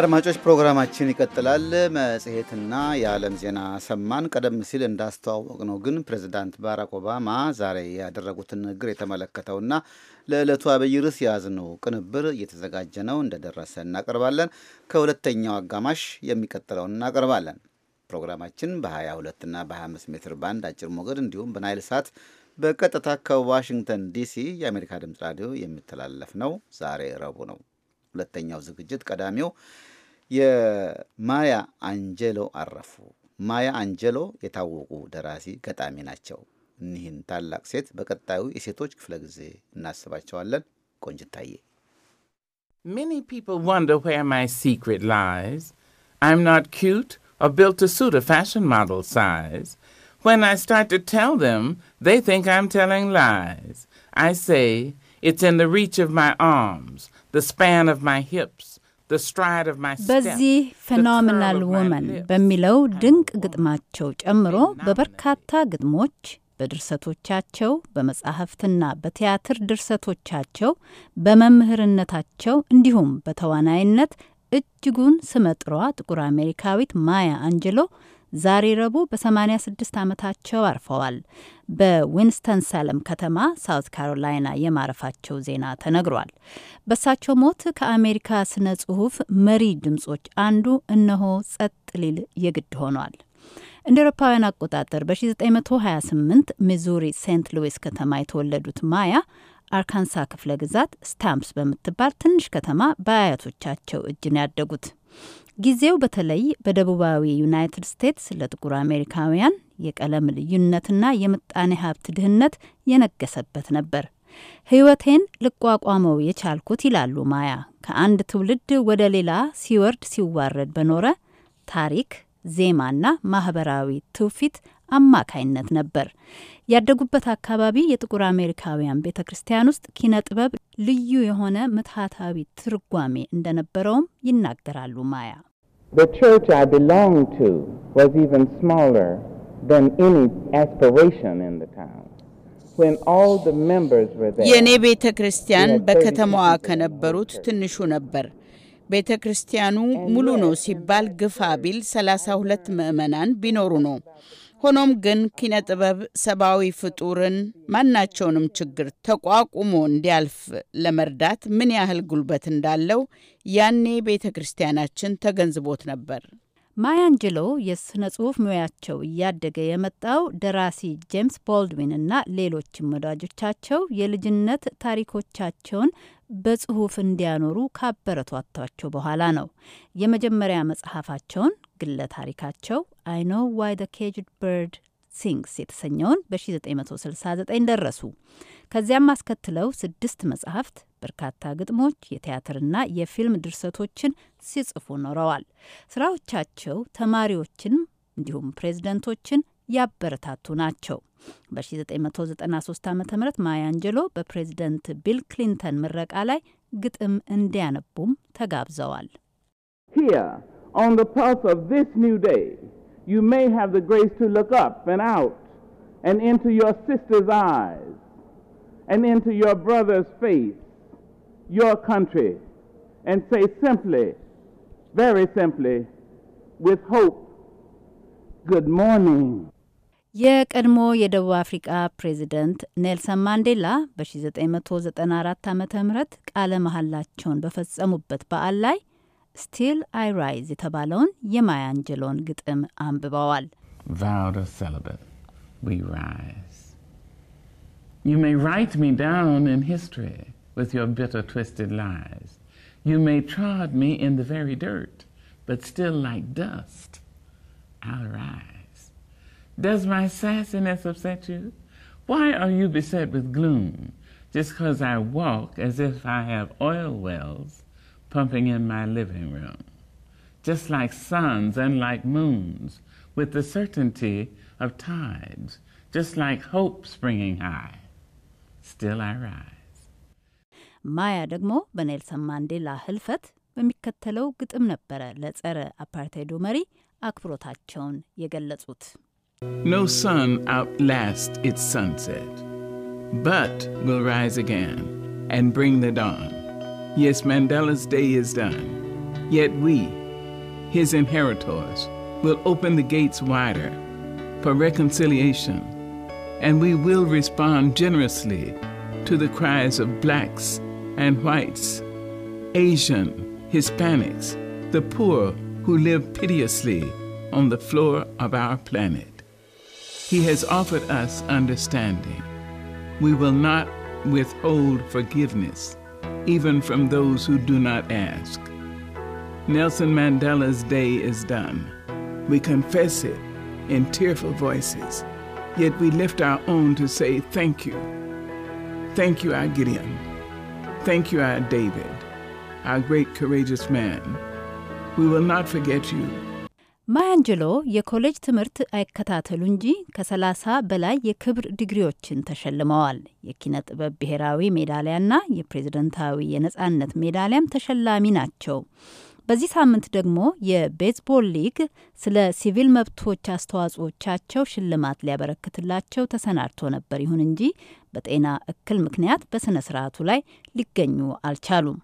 አድማጮች ፕሮግራማችን ይቀጥላል። መጽሔትና የዓለም ዜና ሰማን። ቀደም ሲል እንዳስተዋወቅ ነው ግን ፕሬዚዳንት ባራክ ኦባማ ዛሬ ያደረጉትን ንግግር የተመለከተውና ለዕለቱ አብይ ርዕስ የያዝነው ቅንብር እየተዘጋጀ ነው፣ እንደደረሰ እናቀርባለን። ከሁለተኛው አጋማሽ የሚቀጥለውን እናቀርባለን። ፕሮግራማችን በ22 እና በ25 ሜትር ባንድ አጭር ሞገድ እንዲሁም በናይል ሳት በቀጥታ ከዋሽንግተን ዲሲ የአሜሪካ ድምፅ ራዲዮ የሚተላለፍ ነው። ዛሬ ረቡዕ ነው። ሁለተኛው ዝግጅት ቀዳሚው የማያ አንጀሎ አረፉ። ማያ አንጀሎ የታወቁ ደራሲ ገጣሚ ናቸው። እኒህን ታላቅ ሴት በቀጣዩ የሴቶች ክፍለ ጊዜ እናስባቸዋለን። ቆንጅታዬ Many people wonder where my secret lies. I'm not cute or built to suit a fashion model size. When I start to tell them, they think I'm telling lies. I say, it's in the reach of my arms, the span of my hips. በዚህ ፌኖሜናል ውመን በሚለው ድንቅ ግጥማቸው ጨምሮ በበርካታ ግጥሞች በድርሰቶቻቸው በመጻሕፍትና በቲያትር ድርሰቶቻቸው በመምህርነታቸው እንዲሁም በተዋናይነት እጅጉን ስመጥሯ ጥቁር አሜሪካዊት ማያ አንጀሎ ዛሬ ረቡዕ በ86 ዓመታቸው አርፈዋል። በዊንስተን ሳለም ከተማ ሳውት ካሮላይና የማረፋቸው ዜና ተነግሯል። በሳቸው ሞት ከአሜሪካ ስነ ጽሁፍ መሪ ድምጾች አንዱ እነሆ ጸጥ ሊል የግድ ሆኗል። እንደ አውሮፓውያን አቆጣጠር በ1928 ሚዙሪ ሴንት ሉዊስ ከተማ የተወለዱት ማያ አርካንሳ ክፍለ ግዛት ስታምፕስ በምትባል ትንሽ ከተማ በአያቶቻቸው እጅን ያደጉት። ጊዜው በተለይ በደቡባዊ ዩናይትድ ስቴትስ ለጥቁር አሜሪካውያን የቀለም ልዩነትና የምጣኔ ሀብት ድህነት የነገሰበት ነበር። ሕይወቴን ልቋቋመው የቻልኩት ይላሉ ማያ ከአንድ ትውልድ ወደ ሌላ ሲወርድ ሲዋረድ በኖረ ታሪክ ዜማና ማህበራዊ ትውፊት አማካይነት ነበር። ያደጉበት አካባቢ የጥቁር አሜሪካውያን ቤተ ክርስቲያን ውስጥ ኪነ ጥበብ ልዩ የሆነ ምትሃታዊ ትርጓሜ እንደነበረውም ይናገራሉ ማያ። The church I belonged to was even smaller than any aspiration in the town. የእኔ ቤተ ክርስቲያን በከተማዋ ከነበሩት ትንሹ ነበር። ቤተ ክርስቲያኑ ሙሉ ነው ሲባል ግፋ ቢል 32 ምዕመናን ቢኖሩ ነው። ሆኖም ግን ኪነ ጥበብ ሰብአዊ ፍጡርን ማናቸውንም ችግር ተቋቁሞ እንዲያልፍ ለመርዳት ምን ያህል ጉልበት እንዳለው ያኔ ቤተ ክርስቲያናችን ተገንዝቦት ነበር። ማያንጅሎ የሥነ ጽሑፍ ሙያቸው እያደገ የመጣው ደራሲ ጄምስ ቦልድዊን እና ሌሎችም ወዳጆቻቸው የልጅነት ታሪኮቻቸውን በጽሑፍ እንዲያኖሩ ካበረቷቸው በኋላ ነው። የመጀመሪያ መጽሐፋቸውን ግለ ታሪካቸው አይኖ ዋይ ዘ ኬጅድ በርድ ሲንግስ የተሰኘውን በ1969 ደረሱ። ከዚያም አስከትለው ስድስት መጽሐፍት፣ በርካታ ግጥሞች፣ የቲያትርና የፊልም ድርሰቶችን ሲጽፉ ኖረዋል። ስራዎቻቸው ተማሪዎችን እንዲሁም ፕሬዝደንቶችን ያበረታቱ ናቸው። በ1993 ዓ ም ማያንጀሎ በፕሬዝደንት ቢል ክሊንተን ምረቃ ላይ ግጥም እንዲያነቡም ተጋብዘዋል። Here, on the pulse of this new day, you may have the grace to look up and out and into your sister's eyes and into your brother's face, your country, and say simply, very simply, with hope, good morning. የቀድሞ የደቡብ አፍሪቃ ፕሬዚደንት ኔልሰን ማንዴላ በ1994 ዓ ም ቃለ መሐላቸውን በፈጸሙበት በዓል ላይ ስቲል አይ ራይዝ የተባለውን የማያ celibate, ግጥም አንብበዋል። You may write me down in history with your bitter twisted lies. You may trod me in the very dirt, but still like dust I'll rise. Does my sassiness upset you? Why are you beset with gloom just because I walk as if I have oil wells pumping in my living room, just like suns and like moons, with the certainty of tides, just like hope springing high. Still I rise. Maya ማያ ደግሞ በኔልሰን ማንዴላ ህልፈት በሚከተለው ግጥም ነበረ ለጸረ አፓርታይዱ መሪ አክብሮታቸውን የገለጹት። No sun outlasts its sunset, but will rise again and bring the dawn. Yes, Mandela's day is done. Yet we, his inheritors, will open the gates wider for reconciliation, and we will respond generously to the cries of blacks and whites, Asian, Hispanics, the poor who live piteously on the floor of our planet. He has offered us understanding. We will not withhold forgiveness even from those who do not ask. Nelson Mandela's day is done. We confess it in tearful voices, yet we lift our own to say thank you. Thank you, our Gideon. Thank you, our David, our great courageous man. We will not forget you ማያንጀሎ የኮሌጅ ትምህርት አይከታተሉ እንጂ ከሰላሳ በላይ የክብር ዲግሪዎችን ተሸልመዋል። የኪነ ጥበብ ብሔራዊ ሜዳሊያና የፕሬዝደንታዊ የነጻነት ሜዳሊያም ተሸላሚ ናቸው። በዚህ ሳምንት ደግሞ የቤዝቦል ሊግ ስለ ሲቪል መብቶች አስተዋጽኦቻቸው ሽልማት ሊያበረክትላቸው ተሰናድቶ ነበር። ይሁን እንጂ በጤና እክል ምክንያት በሥነ ስርዓቱ ላይ ሊገኙ አልቻሉም።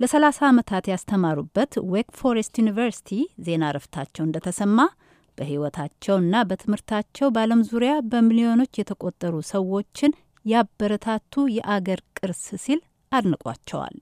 ለ30 ዓመታት ያስተማሩበት ዌክ ፎሬስት ዩኒቨርሲቲ ዜና እረፍታቸው እንደተሰማ በሕይወታቸውና በትምህርታቸው በዓለም ዙሪያ በሚሊዮኖች የተቆጠሩ ሰዎችን ያበረታቱ የአገር ቅርስ ሲል አድንቋቸዋል።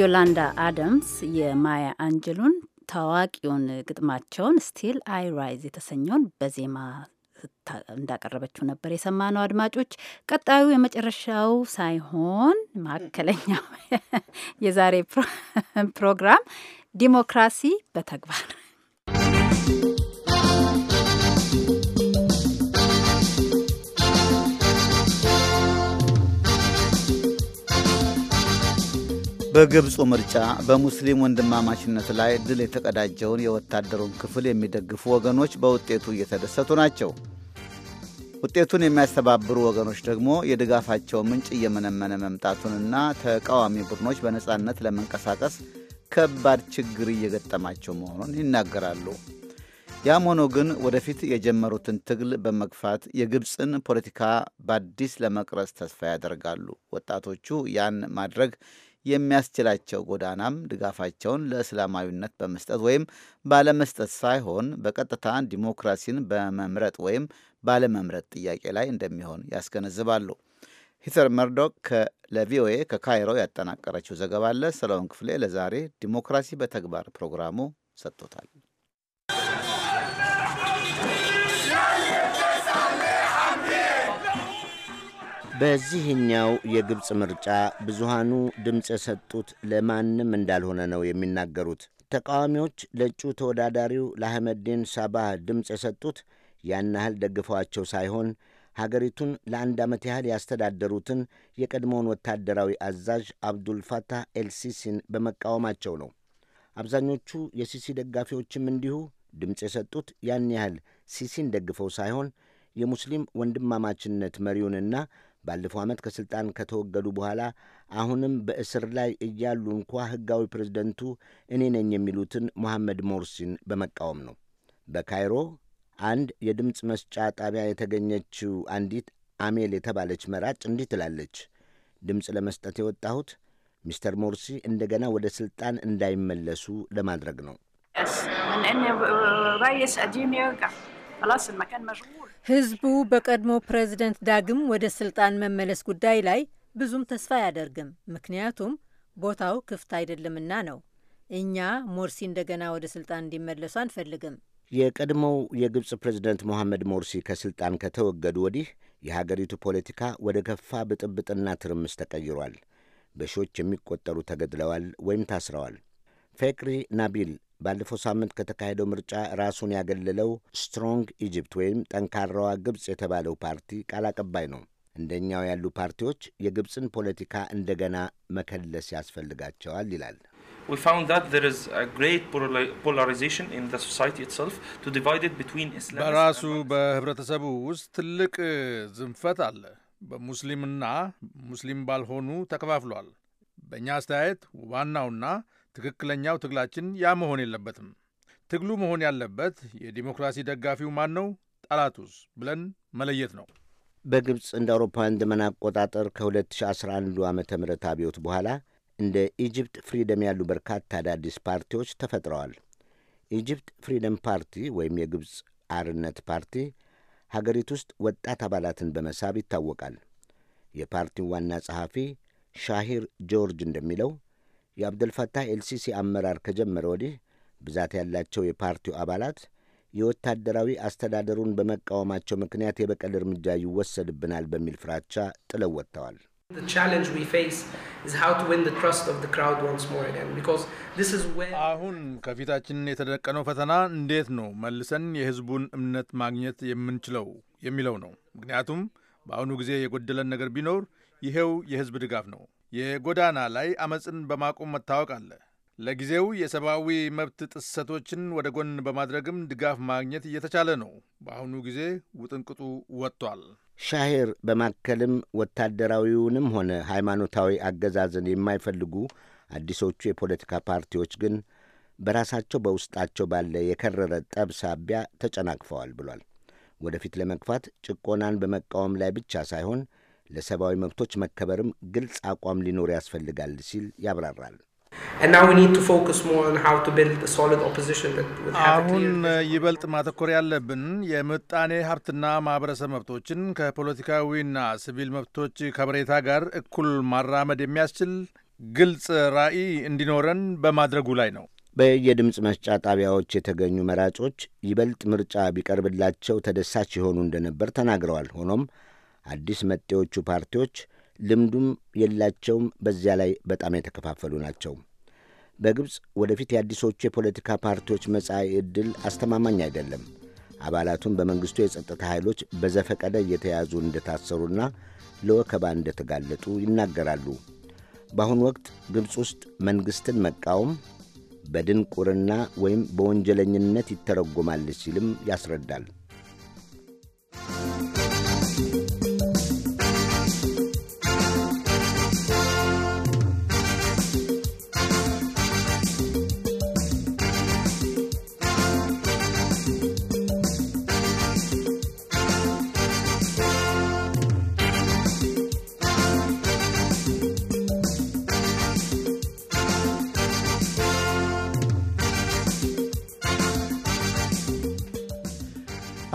ዮላንዳ አደምስ የማያ አንጀሉን ታዋቂውን ግጥማቸውን ስቲል አይ ራይዝ የተሰኘውን በዜማ እንዳቀረበችው ነበር የሰማነው። አድማጮች፣ ቀጣዩ የመጨረሻው ሳይሆን ማከለኛው የዛሬ ፕሮግራም ዲሞክራሲ በተግባር በግብፁ ምርጫ በሙስሊም ወንድማማችነት ላይ ድል የተቀዳጀውን የወታደሩን ክፍል የሚደግፉ ወገኖች በውጤቱ እየተደሰቱ ናቸው። ውጤቱን የሚያስተባብሩ ወገኖች ደግሞ የድጋፋቸው ምንጭ እየመነመነ መምጣቱንና ተቃዋሚ ቡድኖች በነፃነት ለመንቀሳቀስ ከባድ ችግር እየገጠማቸው መሆኑን ይናገራሉ። ያም ሆኖ ግን ወደፊት የጀመሩትን ትግል በመግፋት የግብፅን ፖለቲካ በአዲስ ለመቅረጽ ተስፋ ያደርጋሉ። ወጣቶቹ ያን ማድረግ የሚያስችላቸው ጎዳናም ድጋፋቸውን ለእስላማዊነት በመስጠት ወይም ባለመስጠት ሳይሆን በቀጥታ ዲሞክራሲን በመምረጥ ወይም ባለመምረጥ ጥያቄ ላይ እንደሚሆን ያስገነዝባሉ። ሂተር መርዶክ ለቪኦኤ ከካይሮ ያጠናቀረችው ዘገባ አለ። ሰለሞን ክፍሌ ለዛሬ ዲሞክራሲ በተግባር ፕሮግራሙ ሰጥቶታል። በዚህኛው የግብፅ ምርጫ ብዙሃኑ ድምፅ የሰጡት ለማንም እንዳልሆነ ነው የሚናገሩት። ተቃዋሚዎች ለእጩ ተወዳዳሪው ለአህመዲን ሳባህ ድምፅ የሰጡት ያን ያህል ደግፈዋቸው ሳይሆን ሀገሪቱን ለአንድ ዓመት ያህል ያስተዳደሩትን የቀድሞውን ወታደራዊ አዛዥ አብዱልፋታህ ኤልሲሲን በመቃወማቸው ነው። አብዛኞቹ የሲሲ ደጋፊዎችም እንዲሁ ድምፅ የሰጡት ያን ያህል ሲሲን ደግፈው ሳይሆን የሙስሊም ወንድማማችነት መሪውንና ባለፈው ዓመት ከሥልጣን ከተወገዱ በኋላ አሁንም በእስር ላይ እያሉ እንኳ ሕጋዊ ፕሬዝደንቱ እኔ ነኝ የሚሉትን ሞሐመድ ሞርሲን በመቃወም ነው። በካይሮ አንድ የድምፅ መስጫ ጣቢያ የተገኘችው አንዲት አሜል የተባለች መራጭ እንዲህ ትላለች። ድምፅ ለመስጠት የወጣሁት ሚስተር ሞርሲ እንደገና ወደ ሥልጣን እንዳይመለሱ ለማድረግ ነው። ህዝቡ በቀድሞ ፕሬዚደንት ዳግም ወደ ስልጣን መመለስ ጉዳይ ላይ ብዙም ተስፋ አያደርግም፣ ምክንያቱም ቦታው ክፍት አይደለምና ነው። እኛ ሞርሲ እንደገና ወደ ስልጣን እንዲመለሱ አንፈልግም። የቀድሞው የግብፅ ፕሬዚደንት ሞሐመድ ሞርሲ ከስልጣን ከተወገዱ ወዲህ የሀገሪቱ ፖለቲካ ወደ ከፋ ብጥብጥና ትርምስ ተቀይሯል። በሺዎች የሚቆጠሩ ተገድለዋል ወይም ታስረዋል። ፌክሪ ናቢል ባለፈው ሳምንት ከተካሄደው ምርጫ ራሱን ያገለለው ስትሮንግ ኢጅፕት ወይም ጠንካራዋ ግብፅ የተባለው ፓርቲ ቃል አቀባይ ነው። እንደኛው ያሉ ፓርቲዎች የግብፅን ፖለቲካ እንደገና መከለስ ያስፈልጋቸዋል ይላል። በራሱ በህብረተሰቡ ውስጥ ትልቅ ዝንፈት አለ። በሙስሊምና ሙስሊም ባልሆኑ ተከፋፍሏል። በእኛ አስተያየት ዋናውና ትክክለኛው ትግላችን ያ መሆን የለበትም። ትግሉ መሆን ያለበት የዲሞክራሲ ደጋፊው ማን ነው፣ ጠላቱስ ብለን መለየት ነው። በግብፅ እንደ አውሮፓውያን ዘመን አቆጣጠር ከ2011 ዓ ም አብዮት በኋላ እንደ ኢጅፕት ፍሪደም ያሉ በርካታ አዳዲስ ፓርቲዎች ተፈጥረዋል። ኢጅፕት ፍሪደም ፓርቲ ወይም የግብፅ አርነት ፓርቲ ሀገሪቱ ውስጥ ወጣት አባላትን በመሳብ ይታወቃል። የፓርቲው ዋና ጸሐፊ ሻሂር ጆርጅ እንደሚለው የአብደልፈታህ ኤልሲሲ አመራር ከጀመረ ወዲህ ብዛት ያላቸው የፓርቲው አባላት የወታደራዊ አስተዳደሩን በመቃወማቸው ምክንያት የበቀል እርምጃ ይወሰድብናል በሚል ፍራቻ ጥለው ወጥተዋል። አሁን ከፊታችን የተደቀነው ፈተና እንዴት ነው መልሰን የሕዝቡን እምነት ማግኘት የምንችለው የሚለው ነው። ምክንያቱም በአሁኑ ጊዜ የጎደለን ነገር ቢኖር ይሄው የሕዝብ ድጋፍ ነው። የጎዳና ላይ አመፅን በማቆም መታወቅ አለ። ለጊዜው የሰብአዊ መብት ጥሰቶችን ወደ ጎን በማድረግም ድጋፍ ማግኘት እየተቻለ ነው። በአሁኑ ጊዜ ውጥንቅጡ ወጥቷል። ሻሄር በማከልም ወታደራዊውንም ሆነ ሃይማኖታዊ አገዛዝን የማይፈልጉ አዲሶቹ የፖለቲካ ፓርቲዎች ግን በራሳቸው በውስጣቸው ባለ የከረረ ጠብ ሳቢያ ተጨናቅፈዋል ብሏል። ወደፊት ለመግፋት ጭቆናን በመቃወም ላይ ብቻ ሳይሆን ለሰብአዊ መብቶች መከበርም ግልጽ አቋም ሊኖር ያስፈልጋል ሲል ያብራራል። አሁን ይበልጥ ማተኮር ያለብን የምጣኔ ሀብትና ማህበረሰብ መብቶችን ከፖለቲካዊና ሲቪል መብቶች ከበሬታ ጋር እኩል ማራመድ የሚያስችል ግልጽ ራዕይ እንዲኖረን በማድረጉ ላይ ነው። በየድምፅ መስጫ ጣቢያዎች የተገኙ መራጮች ይበልጥ ምርጫ ቢቀርብላቸው ተደሳች የሆኑ እንደነበር ተናግረዋል። ሆኖም አዲስ መጤዎቹ ፓርቲዎች ልምዱም የላቸውም። በዚያ ላይ በጣም የተከፋፈሉ ናቸው። በግብፅ ወደፊት የአዲሶቹ የፖለቲካ ፓርቲዎች መጻኢ ዕድል አስተማማኝ አይደለም። አባላቱን በመንግሥቱ የጸጥታ ኃይሎች በዘፈቀደ እየተያዙ እንደታሰሩና ለወከባ እንደተጋለጡ ይናገራሉ። በአሁኑ ወቅት ግብፅ ውስጥ መንግሥትን መቃወም በድንቁርና ወይም በወንጀለኝነት ይተረጎማል ሲልም ያስረዳል።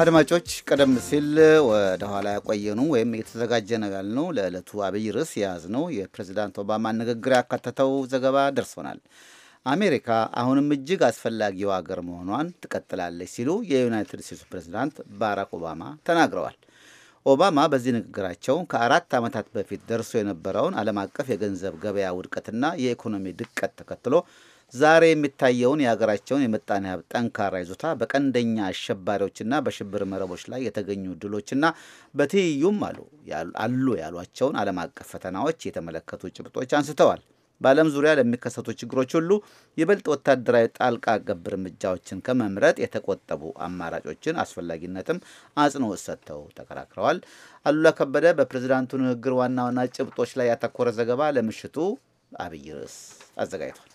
አድማጮች ቀደም ሲል ወደ ኋላ ያቆየኑ ወይም እየተዘጋጀ ነው ያልነው ለዕለቱ አብይ ርዕስ የያዝነው የፕሬዚዳንት ኦባማ ንግግር ያካተተው ዘገባ ደርሶናል። አሜሪካ አሁንም እጅግ አስፈላጊው ሀገር መሆኗን ትቀጥላለች ሲሉ የዩናይትድ ስቴትስ ፕሬዚዳንት ባራክ ኦባማ ተናግረዋል። ኦባማ በዚህ ንግግራቸው ከአራት ዓመታት በፊት ደርሶ የነበረውን ዓለም አቀፍ የገንዘብ ገበያ ውድቀትና የኢኮኖሚ ድቀት ተከትሎ ዛሬ የሚታየውን የሀገራቸውን የምጣኔ ሀብት ጠንካራ ይዞታ በቀንደኛ አሸባሪዎችና በሽብር መረቦች ላይ የተገኙ ድሎችና በትይዩም አሉ አሉ ያሏቸውን ዓለም አቀፍ ፈተናዎች የተመለከቱ ጭብጦች አንስተዋል። በዓለም ዙሪያ ለሚከሰቱ ችግሮች ሁሉ ይበልጥ ወታደራዊ ጣልቃ ገብ እርምጃዎችን ከመምረጥ የተቆጠቡ አማራጮችን አስፈላጊነትም አጽንኦት ሰጥተው ተከራክረዋል። አሉላ ከበደ በፕሬዚዳንቱ ንግግር ዋና ዋና ጭብጦች ላይ ያተኮረ ዘገባ ለምሽቱ አብይ ርዕስ አዘጋጅቷል።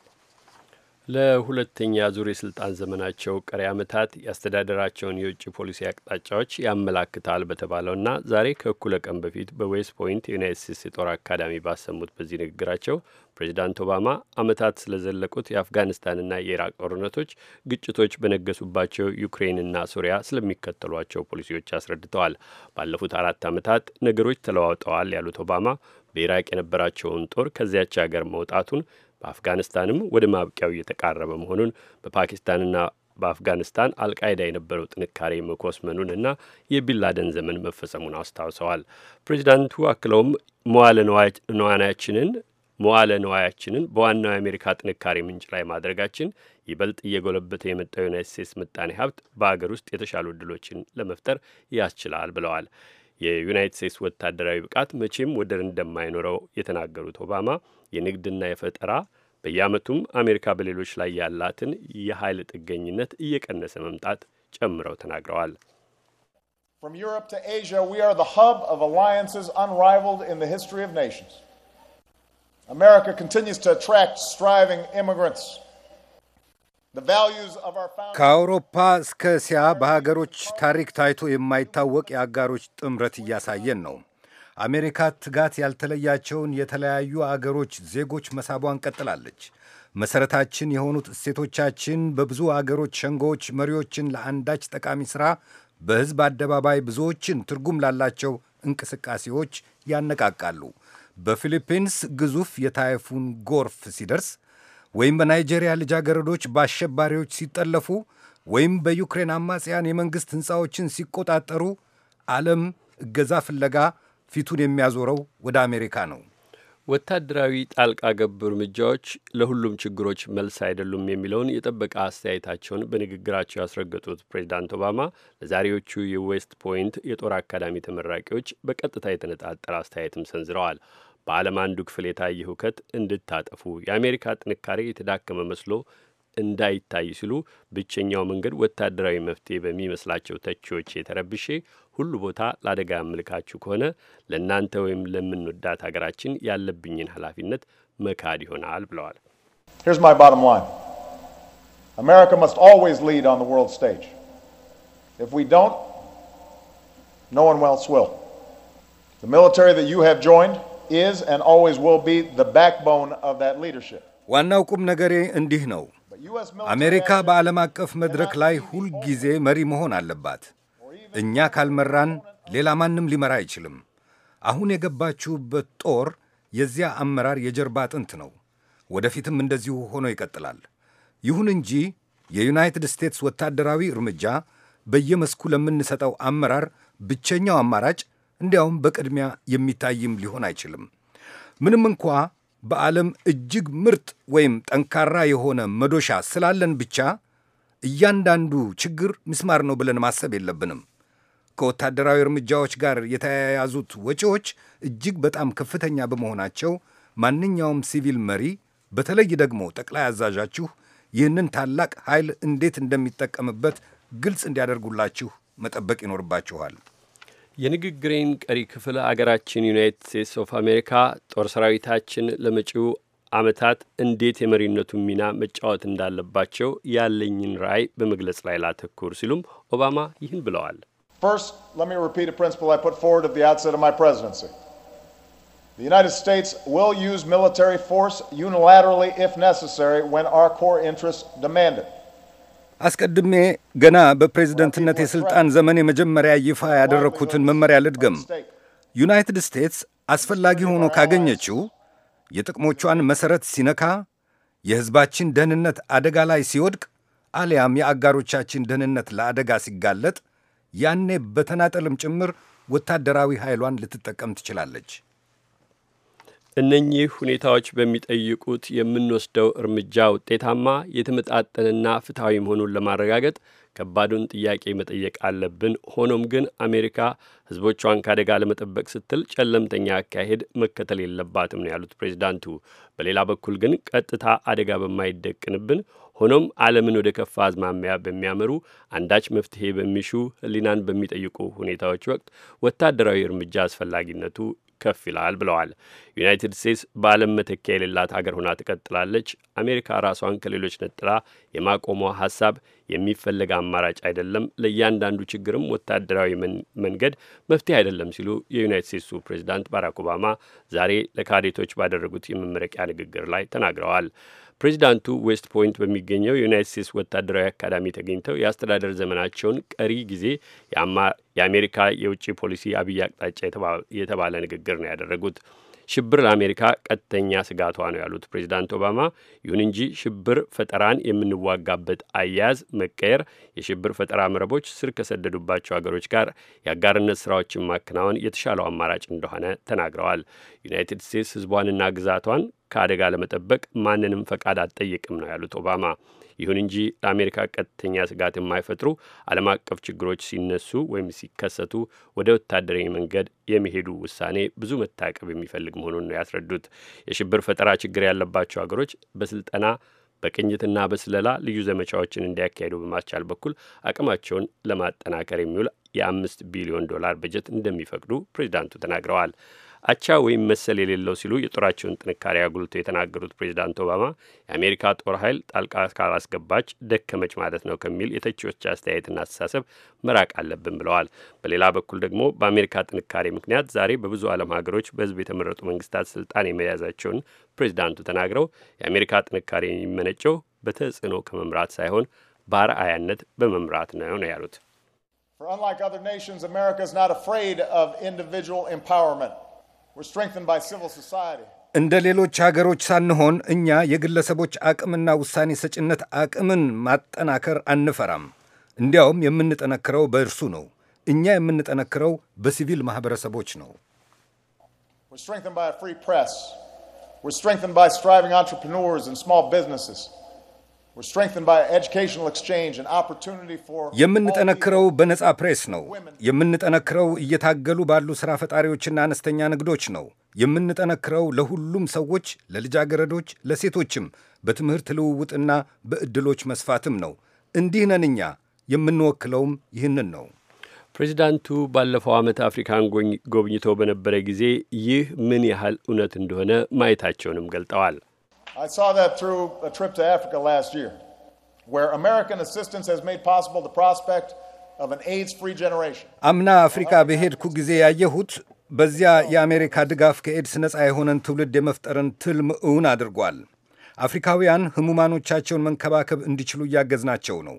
ለሁለተኛ ዙር የስልጣን ዘመናቸው ቀሪ ዓመታት የአስተዳደራቸውን የውጭ ፖሊሲ አቅጣጫዎች ያመላክታል በተባለውና ዛሬ ከእኩለ ቀን በፊት በዌስት ፖይንት የዩናይት ስቴትስ የጦር አካዳሚ ባሰሙት በዚህ ንግግራቸው ፕሬዚዳንት ኦባማ ዓመታት ስለዘለቁት የአፍጋኒስታንና የኢራቅ ጦርነቶች፣ ግጭቶች በነገሱባቸው ዩክሬንና ሱሪያ ስለሚከተሏቸው ፖሊሲዎች አስረድተዋል። ባለፉት አራት ዓመታት ነገሮች ተለዋውጠዋል ያሉት ኦባማ በኢራቅ የነበራቸውን ጦር ከዚያች ሀገር መውጣቱን በአፍጋኒስታንም ወደ ማብቂያው እየተቃረበ መሆኑን በፓኪስታንና በአፍጋኒስታን አልቃይዳ የነበረው ጥንካሬ መኮስመኑንና የቢንላደን ዘመን መፈጸሙን አስታውሰዋል። ፕሬዚዳንቱ አክለውም መዋለ ንዋያችንን መዋለ ነዋያችንን በዋናው የአሜሪካ ጥንካሬ ምንጭ ላይ ማድረጋችን ይበልጥ እየጎለበተ የመጣው ዩናይት ስቴትስ ምጣኔ ሀብት በሀገር ውስጥ የተሻሉ እድሎችን ለመፍጠር ያስችላል ብለዋል። የዩናይት ስቴትስ ወታደራዊ ብቃት መቼም ወደር እንደማይኖረው የተናገሩት ኦባማ የንግድና የፈጠራ በየዓመቱም አሜሪካ በሌሎች ላይ ያላትን የኃይል ጥገኝነት እየቀነሰ መምጣት ጨምረው ተናግረዋል። ከአውሮፓ እስከ እስያ በሀገሮች ታሪክ ታይቶ የማይታወቅ የአጋሮች ጥምረት እያሳየን ነው። አሜሪካ ትጋት ያልተለያቸውን የተለያዩ አገሮች ዜጎች መሳቧን ቀጥላለች። መሠረታችን የሆኑት እሴቶቻችን በብዙ አገሮች ሸንጎዎች መሪዎችን ለአንዳች ጠቃሚ ሥራ በሕዝብ አደባባይ ብዙዎችን ትርጉም ላላቸው እንቅስቃሴዎች ያነቃቃሉ። በፊሊፒንስ ግዙፍ የታይፉን ጎርፍ ሲደርስ ወይም በናይጄሪያ ልጃገረዶች በአሸባሪዎች ሲጠለፉ ወይም በዩክሬን አማጽያን የመንግሥት ሕንፃዎችን ሲቆጣጠሩ ዓለም እገዛ ፍለጋ ፊቱን የሚያዞረው ወደ አሜሪካ ነው። ወታደራዊ ጣልቃ ገብ እርምጃዎች ለሁሉም ችግሮች መልስ አይደሉም የሚለውን የጠበቀ አስተያየታቸውን በንግግራቸው ያስረገጡት ፕሬዚዳንት ኦባማ ለዛሬዎቹ የዌስት ፖይንት የጦር አካዳሚ ተመራቂዎች በቀጥታ የተነጣጠረ አስተያየትም ሰንዝረዋል። በዓለም አንዱ ክፍል የታየ ሁከት እንድታጠፉ የአሜሪካ ጥንካሬ የተዳከመ መስሎ እንዳይታይ ሲሉ ብቸኛው መንገድ ወታደራዊ መፍትሄ በሚመስላቸው ተቺዎች የተረብሼ ሁሉ ቦታ ለአደጋ ያምልካችሁ ከሆነ ለእናንተ ወይም ለምንወዳት ሀገራችን ያለብኝን ኃላፊነት መካድ ይሆናል ብለዋል። Here's my bottom line. America must always lead on the world stage. If we don't, no one else will. The military that you have joined is and always will be the backbone of that leadership. ዋናው ቁም ነገሬ እንዲህ ነው። አሜሪካ በዓለም አቀፍ መድረክ ላይ ሁልጊዜ መሪ መሆን አለባት። እኛ ካልመራን ሌላ ማንም ሊመራ አይችልም። አሁን የገባችሁበት ጦር የዚያ አመራር የጀርባ አጥንት ነው። ወደፊትም እንደዚሁ ሆኖ ይቀጥላል። ይሁን እንጂ የዩናይትድ ስቴትስ ወታደራዊ እርምጃ በየመስኩ ለምንሰጠው አመራር ብቸኛው አማራጭ እንዲያውም በቅድሚያ የሚታይም ሊሆን አይችልም። ምንም እንኳ በዓለም እጅግ ምርጥ ወይም ጠንካራ የሆነ መዶሻ ስላለን ብቻ እያንዳንዱ ችግር ምስማር ነው ብለን ማሰብ የለብንም። ከወታደራዊ እርምጃዎች ጋር የተያያዙት ወጪዎች እጅግ በጣም ከፍተኛ በመሆናቸው ማንኛውም ሲቪል መሪ፣ በተለይ ደግሞ ጠቅላይ አዛዣችሁ ይህንን ታላቅ ኃይል እንዴት እንደሚጠቀምበት ግልጽ እንዲያደርጉላችሁ መጠበቅ ይኖርባችኋል። የንግግሬን ቀሪ ክፍል አገራችን ዩናይትድ ስቴትስ ኦፍ አሜሪካ ጦር ሰራዊታችን ለመጪው ዓመታት እንዴት የመሪነቱን ሚና መጫወት እንዳለባቸው ያለኝን ራዕይ በመግለጽ ላይ ላተኩር ሲሉም ኦባማ ይህን ብለዋል። ዩናይትድ ስቴትስ አስቀድሜ ገና በፕሬዝደንትነት የሥልጣን ዘመን የመጀመሪያ ይፋ ያደረግሁትን መመሪያ ልድገም። ዩናይትድ ስቴትስ አስፈላጊ ሆኖ ካገኘችው የጥቅሞቿን መሠረት ሲነካ፣ የሕዝባችን ደህንነት አደጋ ላይ ሲወድቅ፣ አሊያም የአጋሮቻችን ደህንነት ለአደጋ ሲጋለጥ ያኔ በተናጠልም ጭምር ወታደራዊ ኃይሏን ልትጠቀም ትችላለች። እነኚህ ሁኔታዎች በሚጠይቁት የምንወስደው እርምጃ ውጤታማ የተመጣጠንና ፍትሐዊ መሆኑን ለማረጋገጥ ከባዱን ጥያቄ መጠየቅ አለብን። ሆኖም ግን አሜሪካ ሕዝቦቿን ከአደጋ ለመጠበቅ ስትል ጨለምተኛ አካሄድ መከተል የለባትም ነው ያሉት ፕሬዚዳንቱ። በሌላ በኩል ግን ቀጥታ አደጋ በማይደቅንብን ሆኖም ዓለምን ወደ ከፋ አዝማሚያ በሚያመሩ አንዳች መፍትሄ በሚሹ ሕሊናን በሚጠይቁ ሁኔታዎች ወቅት ወታደራዊ እርምጃ አስፈላጊነቱ ከፍ ይላል ብለዋል። ዩናይትድ ስቴትስ በዓለም መተኪያ የሌላት ሀገር ሆና ትቀጥላለች። አሜሪካ ራሷን ከሌሎች ነጥላ የማቆሟ ሀሳብ የሚፈለግ አማራጭ አይደለም፣ ለእያንዳንዱ ችግርም ወታደራዊ መንገድ መፍትሄ አይደለም ሲሉ የዩናይትድ ስቴትሱ ፕሬዚዳንት ባራክ ኦባማ ዛሬ ለካዴቶች ባደረጉት የመመረቂያ ንግግር ላይ ተናግረዋል። ፕሬዚዳንቱ ዌስት ፖይንት በሚገኘው የዩናይት ስቴትስ ወታደራዊ አካዳሚ ተገኝተው የአስተዳደር ዘመናቸውን ቀሪ ጊዜ የአሜሪካ የውጭ ፖሊሲ አብይ አቅጣጫ የተባለ ንግግር ነው ያደረጉት። ሽብር ለአሜሪካ ቀጥተኛ ስጋቷ ነው ያሉት ፕሬዚዳንት ኦባማ፣ ይሁን እንጂ ሽብር ፈጠራን የምንዋጋበት አያያዝ መቀየር፣ የሽብር ፈጠራ መረቦች ስር ከሰደዱባቸው ሀገሮች ጋር የአጋርነት ስራዎችን ማከናወን የተሻለው አማራጭ እንደሆነ ተናግረዋል። ዩናይትድ ስቴትስ ህዝቧንና ግዛቷን ከአደጋ ለመጠበቅ ማንንም ፈቃድ አትጠይቅም ነው ያሉት ኦባማ። ይሁን እንጂ ለአሜሪካ ቀጥተኛ ስጋት የማይፈጥሩ ዓለም አቀፍ ችግሮች ሲነሱ ወይም ሲከሰቱ ወደ ወታደራዊ መንገድ የሚሄዱ ውሳኔ ብዙ መታቀብ የሚፈልግ መሆኑን ነው ያስረዱት። የሽብር ፈጠራ ችግር ያለባቸው ሀገሮች በስልጠና በቅኝትና በስለላ ልዩ ዘመቻዎችን እንዲያካሄዱ በማስቻል በኩል አቅማቸውን ለማጠናከር የሚውል የአምስት ቢሊዮን ዶላር በጀት እንደሚፈቅዱ ፕሬዚዳንቱ ተናግረዋል። አቻ ወይም መሰል የሌለው ሲሉ የጦራቸውን ጥንካሬ አጉልቶ የተናገሩት ፕሬዚዳንት ኦባማ የአሜሪካ ጦር ኃይል ጣልቃ ካላስገባች ደከመች ማለት ነው ከሚል የተቺዎች አስተያየትና አስተሳሰብ መራቅ አለብን ብለዋል። በሌላ በኩል ደግሞ በአሜሪካ ጥንካሬ ምክንያት ዛሬ በብዙ ዓለም ሀገሮች በህዝብ የተመረጡ መንግስታት ስልጣን የመያዛቸውን ፕሬዚዳንቱ ተናግረው የአሜሪካ ጥንካሬ የሚመነጨው በተጽዕኖ ከመምራት ሳይሆን በአርአያነት በመምራት ነው ነው ያሉት። For unlike other nations, America is not afraid of individual empowerment. እንደ ሌሎች ሀገሮች ሳንሆን እኛ የግለሰቦች አቅምና ውሳኔ ሰጭነት አቅምን ማጠናከር አንፈራም። እንዲያውም የምንጠነክረው በእርሱ ነው። እኛ የምንጠነክረው በሲቪል ማኅበረሰቦች ነው። We're strengthened by a free press. We're strengthened by striving entrepreneurs and small businesses. የምንጠነክረው በነጻ ፕሬስ ነው። የምንጠነክረው እየታገሉ ባሉ ሥራ ፈጣሪዎችና አነስተኛ ንግዶች ነው። የምንጠነክረው ለሁሉም ሰዎች፣ ለልጃገረዶች፣ ለሴቶችም በትምህርት ልውውጥና በዕድሎች መስፋትም ነው። እንዲህ ነን እኛ። የምንወክለውም ይህንን ነው። ፕሬዚዳንቱ ባለፈው ዓመት አፍሪካን ጎብኝተው በነበረ ጊዜ ይህ ምን ያህል እውነት እንደሆነ ማየታቸውንም ገልጠዋል። I saw that through a trip to Africa last year, where American assistance has made possible the prospect of an AIDS free generation. አምና አፍሪካ በሄድኩ ጊዜ ያየሁት በዚያ የአሜሪካ ድጋፍ ከኤድስ ነፃ የሆነን ትውልድ የመፍጠርን ትልም እውን አድርጓል። አፍሪካውያን ህሙማኖቻቸውን መንከባከብ እንዲችሉ እያገዝናቸው ነው።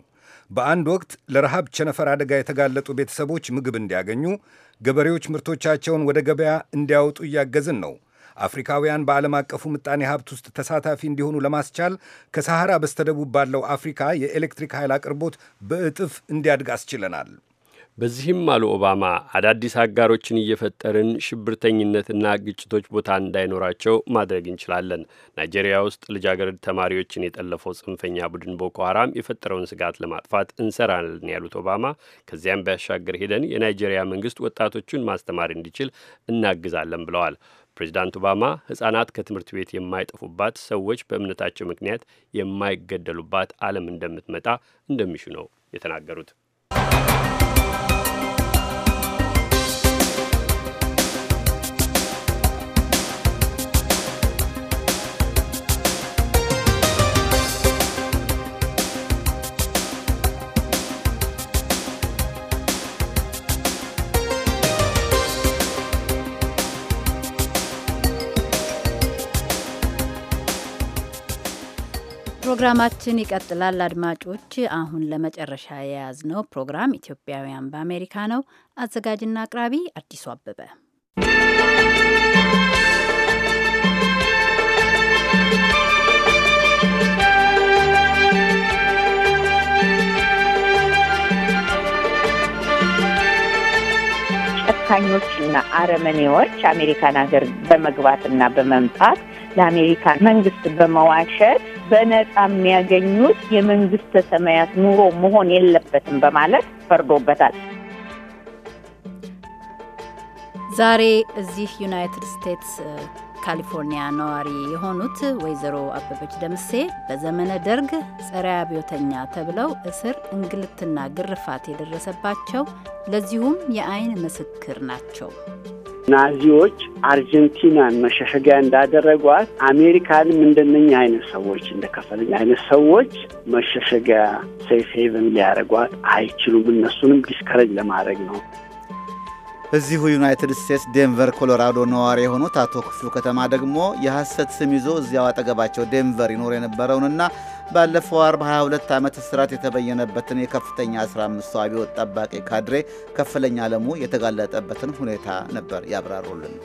በአንድ ወቅት ለረሃብ ቸነፈር አደጋ የተጋለጡ ቤተሰቦች ምግብ እንዲያገኙ፣ ገበሬዎች ምርቶቻቸውን ወደ ገበያ እንዲያወጡ እያገዝን ነው። አፍሪካውያን በዓለም አቀፉ ምጣኔ ሀብት ውስጥ ተሳታፊ እንዲሆኑ ለማስቻል ከሰሃራ በስተደቡብ ባለው አፍሪካ የኤሌክትሪክ ኃይል አቅርቦት በእጥፍ እንዲያድግ አስችለናል። በዚህም አሉ ኦባማ አዳዲስ አጋሮችን እየፈጠርን ሽብርተኝነትና ግጭቶች ቦታ እንዳይኖራቸው ማድረግ እንችላለን። ናይጄሪያ ውስጥ ልጃገረድ ተማሪዎችን የጠለፈው ጽንፈኛ ቡድን ቦኮ ሀራም የፈጠረውን ስጋት ለማጥፋት እንሰራለን ያሉት ኦባማ ከዚያም ቢያሻገር ሄደን የናይጄሪያ መንግስት ወጣቶቹን ማስተማር እንዲችል እናግዛለን ብለዋል። ፕሬዚዳንት ኦባማ ሕጻናት ከትምህርት ቤት የማይጠፉባት፣ ሰዎች በእምነታቸው ምክንያት የማይገደሉባት ዓለም እንደምትመጣ እንደሚሹ ነው የተናገሩት። ፕሮግራማችን ይቀጥላል። አድማጮች፣ አሁን ለመጨረሻ የያዝነው ፕሮግራም ኢትዮጵያውያን በአሜሪካ ነው። አዘጋጅና አቅራቢ አዲሱ አበበ ጨካኞችና አረመኔዎች አሜሪካን ሀገር በመግባትና በመምጣት ለአሜሪካን መንግስት በመዋሸት በነጻ የሚያገኙት የመንግስተ ሰማያት ኑሮ መሆን የለበትም በማለት ፈርዶበታል። ዛሬ እዚህ ዩናይትድ ስቴትስ ካሊፎርኒያ ነዋሪ የሆኑት ወይዘሮ አበበች ደምሴ በዘመነ ደርግ ጸረ አብዮተኛ ተብለው እስር እንግልትና ግርፋት የደረሰባቸው ለዚሁም የአይን ምስክር ናቸው። ናዚዎች አርጀንቲናን መሸሸጊያ እንዳደረጓት አሜሪካንም እንደነኛ አይነት ሰዎች እንደከፈለኛ አይነት ሰዎች መሸሸጊያ ሴፍ ሄቨን ሊያደረጓት አይችሉም። እነሱንም ዲስከረጅ ለማድረግ ነው። እዚሁ ዩናይትድ ስቴትስ ዴንቨር ኮሎራዶ ነዋሪ የሆኑት አቶ ክፍሉ ከተማ ደግሞ የሐሰት ስም ይዞ እዚያው አጠገባቸው ዴንቨር ይኖር የነበረውንና ባለፈው አርብ 22 ዓመት እስራት የተበየነበትን የከፍተኛ 15 አብዮት ጠባቂ ካድሬ ከፍለኛ ዓለሙ የተጋለጠበትን ሁኔታ ነበር ያብራሩልን።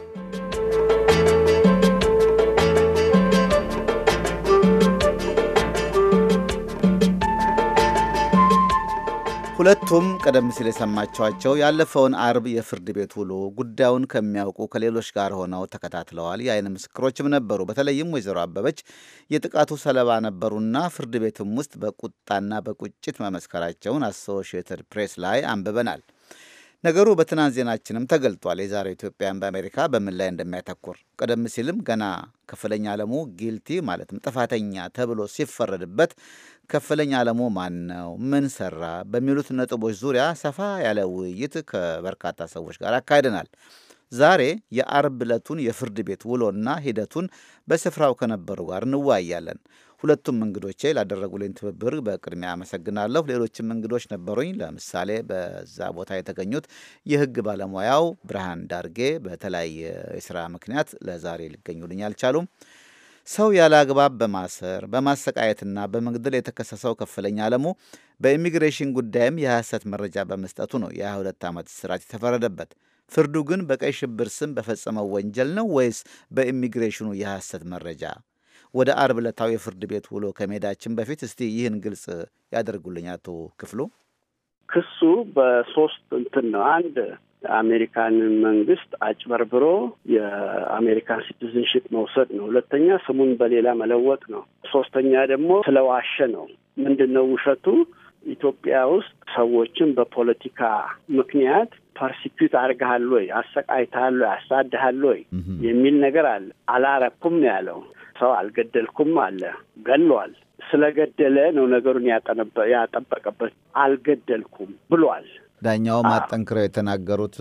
ሁለቱም ቀደም ሲል የሰማችኋቸው ያለፈውን አርብ የፍርድ ቤት ውሎ ጉዳዩን ከሚያውቁ ከሌሎች ጋር ሆነው ተከታትለዋል። የአይን ምስክሮችም ነበሩ። በተለይም ወይዘሮ አበበች የጥቃቱ ሰለባ ነበሩና ፍርድ ቤትም ውስጥ በቁጣና በቁጭት መመስከራቸውን አሶሺየትድ ፕሬስ ላይ አንብበናል። ነገሩ በትናንት ዜናችንም ተገልጧል። የዛሬው ኢትዮጵያን በአሜሪካ በምን ላይ እንደሚያተኩር ቀደም ሲልም ገና ከፍለኛ ዓለሙ ጊልቲ ማለትም ጥፋተኛ ተብሎ ሲፈረድበት ከፍለኛ ዓለሙ ማን ነው፣ ምን ሰራ በሚሉት ነጥቦች ዙሪያ ሰፋ ያለ ውይይት ከበርካታ ሰዎች ጋር አካሂደናል። ዛሬ የአርብ ዕለቱን የፍርድ ቤት ውሎና ሂደቱን በስፍራው ከነበሩ ጋር እንወያያለን። ሁለቱም እንግዶቼ ላደረጉልኝ ትብብር በቅድሚያ አመሰግናለሁ። ሌሎችም እንግዶች ነበሩኝ። ለምሳሌ በዛ ቦታ የተገኙት የህግ ባለሙያው ብርሃን ዳርጌ በተለያየ የስራ ምክንያት ለዛሬ ሊገኙልኝ አልቻሉም። ሰው ያለ አግባብ በማሰር በማሰቃየትና በመግደል የተከሰሰው ከፍለኛ አለሙ በኢሚግሬሽን ጉዳይም የሐሰት መረጃ በመስጠቱ ነው የ22 ዓመት እስራት የተፈረደበት። ፍርዱ ግን በቀይ ሽብር ስም በፈጸመው ወንጀል ነው ወይስ በኢሚግሬሽኑ የሐሰት መረጃ ወደ አርብ ዕለታዊ የፍርድ ቤት ውሎ ከመሄዳችን በፊት እስቲ ይህን ግልጽ ያደርጉልኝ አቶ ክፍሉ። ክሱ በሶስት እንትን ነው። አንድ አሜሪካን መንግስት አጭበርብሮ የአሜሪካን ሲቲዝንሽፕ መውሰድ ነው። ሁለተኛ ስሙን በሌላ መለወጥ ነው። ሶስተኛ ደግሞ ስለዋሸ ነው። ምንድን ነው ውሸቱ? ኢትዮጵያ ውስጥ ሰዎችን በፖለቲካ ምክንያት ፐርሲኪዩት አድርገሃል ወይ፣ አሰቃይተሃል ወይ፣ አሳድሃል ወይ የሚል ነገር አለ። አላረኩም ያለው። ሰው አልገደልኩም አለ። ገሏል። ስለገደለ ነው ነገሩን ያጠበቀበት። አልገደልኩም ብሏል። ዳኛውም አጠንክረው የተናገሩት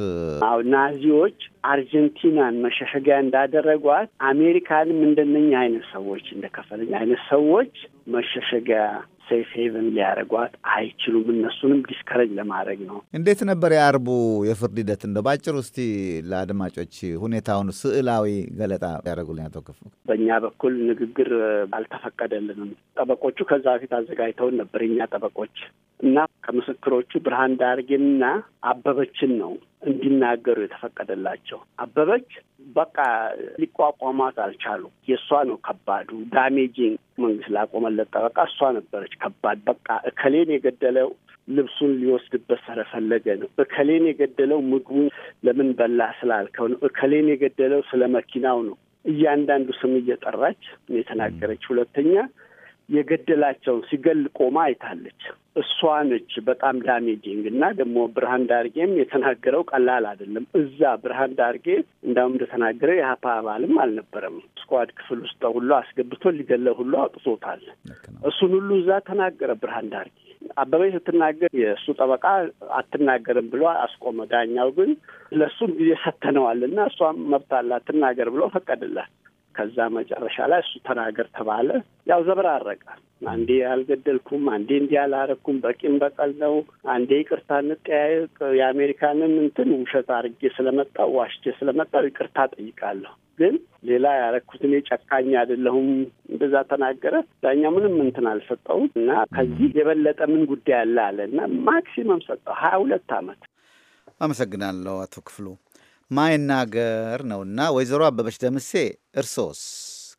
አዎ ናዚዎች አርጀንቲናን መሸሸጊያ እንዳደረጓት አሜሪካንም እንደነኛ አይነት ሰዎች እንደከፈለኛ አይነት ሰዎች መሸሸጊያ ሴፍ ሄቨን ሊያደርጓት አይችሉም። እነሱንም ዲስከረጅ ለማድረግ ነው። እንዴት ነበር የአርቡ የፍርድ ሂደት? እንደ ባጭሩ እስቲ ለአድማጮች ሁኔታውን ስዕላዊ ገለጣ ያደረጉልኝ አቶ ክፉ። በእኛ በኩል ንግግር አልተፈቀደልንም። ጠበቆቹ ከዛ በፊት አዘጋጅተውን ነበር የኛ ጠበቆች እና ከምስክሮቹ ብርሃን ዳርጌንና አበበችን ነው እንዲናገሩ የተፈቀደላቸው። አበበች በቃ ሊቋቋሟት አልቻሉ። የእሷ ነው ከባዱ ዳሜጂንግ መንግስት ላቆመለት ጠበቃ እሷ ነበረች ከባድ። በቃ እከሌን የገደለው ልብሱን ሊወስድበት ስለፈለገ ነው። እከሌን የገደለው ምግቡን ለምን በላ ስላልከው ነው። እከሌን የገደለው ስለ መኪናው ነው። እያንዳንዱ ስም እየጠራች የተናገረች ሁለተኛ የገደላቸው ሲገል ቆማ አይታለች። እሷ ነች በጣም ዳሜጂንግ እና ደግሞ ብርሃን ዳርጌም የተናገረው ቀላል አይደለም። እዛ ብርሃን ዳርጌ እንዳውም እንደተናገረው የሀፓ አባልም አልነበረም። ስኳድ ክፍል ውስጥ ሁሉ አስገብቶ ሊገለ ሁሉ አውጥቶታል። እሱን ሁሉ እዛ ተናገረ ብርሃን ዳርጌ። አበበች ስትናገር የእሱ ጠበቃ አትናገርም ብሎ አስቆመ። ዳኛው ግን ለእሱም ጊዜ ሰተነዋል እና እሷም መብት አላት ትናገር ብሎ ፈቀደላት። ከዛ መጨረሻ ላይ እሱ ተናገር ተባለ። ያው ዘብራረቀ። አንዴ አልገደልኩም፣ አንዴ እንዲህ አላረኩም፣ በቂም በቀል ነው፣ አንዴ ይቅርታ እንጠያየቅ፣ የአሜሪካንን እንትን ውሸት አርጌ ስለመጣው ዋሽቼ ስለመጣው ይቅርታ ጠይቃለሁ፣ ግን ሌላ ያረኩትን ጨካኝ አይደለሁም፣ እንደዛ ተናገረ። ዳኛ ምንም እንትን አልሰጠውም እና ከዚህ የበለጠ ምን ጉዳይ አለ አለ እና ማክሲመም ሰጠው ሀያ ሁለት አመት። አመሰግናለሁ አቶ ክፍሉ። ማይናገር ነውና ወይዘሮ አበበች ደምሴ እርሶስ?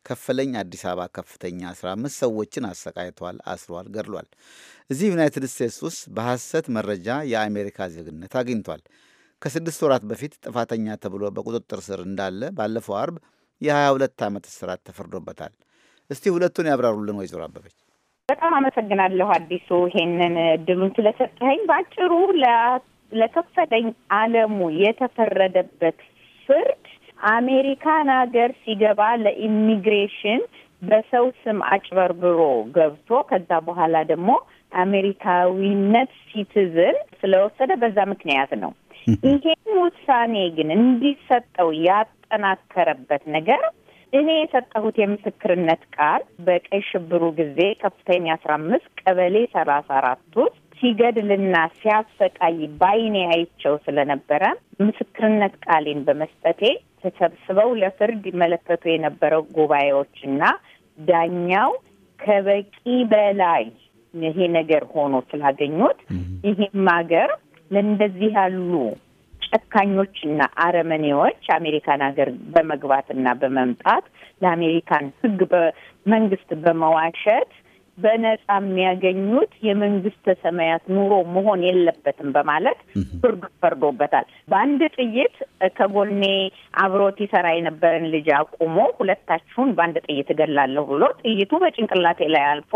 ከፈለኝ አዲስ አበባ ከፍተኛ 15 ሰዎችን አሰቃይቷል፣ አስሯል፣ ገድሏል። እዚህ ዩናይትድ ስቴትስ ውስጥ በሐሰት መረጃ የአሜሪካ ዜግነት አግኝቷል። ከስድስት ወራት በፊት ጥፋተኛ ተብሎ በቁጥጥር ስር እንዳለ ባለፈው አርብ የ22 ዓመት እስራት ተፈርዶበታል። እስቲ ሁለቱን ያብራሩልን ወይዘሮ አበበች። በጣም አመሰግናለሁ አዲሱ ይሄንን እድሉን ስለሰጠኸኝ። በአጭሩ ለከፈተኝ አለሙ የተፈረደበት ፍርድ አሜሪካን ሀገር ሲገባ ለኢሚግሬሽን በሰው ስም አጭበርብሮ ገብቶ ከዛ በኋላ ደግሞ አሜሪካዊነት ሲቲዝን ስለወሰደ በዛ ምክንያት ነው። ይሄን ውሳኔ ግን እንዲሰጠው ያጠናከረበት ነገር እኔ የሰጠሁት የምስክርነት ቃል በቀይ ሽብሩ ጊዜ ከፍተኛ አስራ አምስት ቀበሌ ሰላሳ አራት ውስጥ ሲገድልና ሲያሰቃይ ባይኔ አይቸው ስለነበረ ምስክርነት ቃሌን በመስጠቴ ተሰብስበው ለፍርድ ይመለከቱ የነበረው ጉባኤዎችና ዳኛው ከበቂ በላይ ይሄ ነገር ሆኖ ስላገኙት ይህም ሀገር ለእንደዚህ ያሉ ጨካኞችና አረመኔዎች አሜሪካን ሀገር በመግባትና በመምጣት ለአሜሪካን ሕግ በመንግስት በመዋሸት በነጻ የሚያገኙት የመንግስተ ሰማያት ኑሮ መሆን የለበትም በማለት ፍርዱ ፈርዶበታል። በአንድ ጥይት ከጎኔ አብሮት ይሰራ የነበረን ልጅ አቁሞ ሁለታችሁን በአንድ ጥይት እገላለሁ ብሎ ጥይቱ በጭንቅላቴ ላይ አልፎ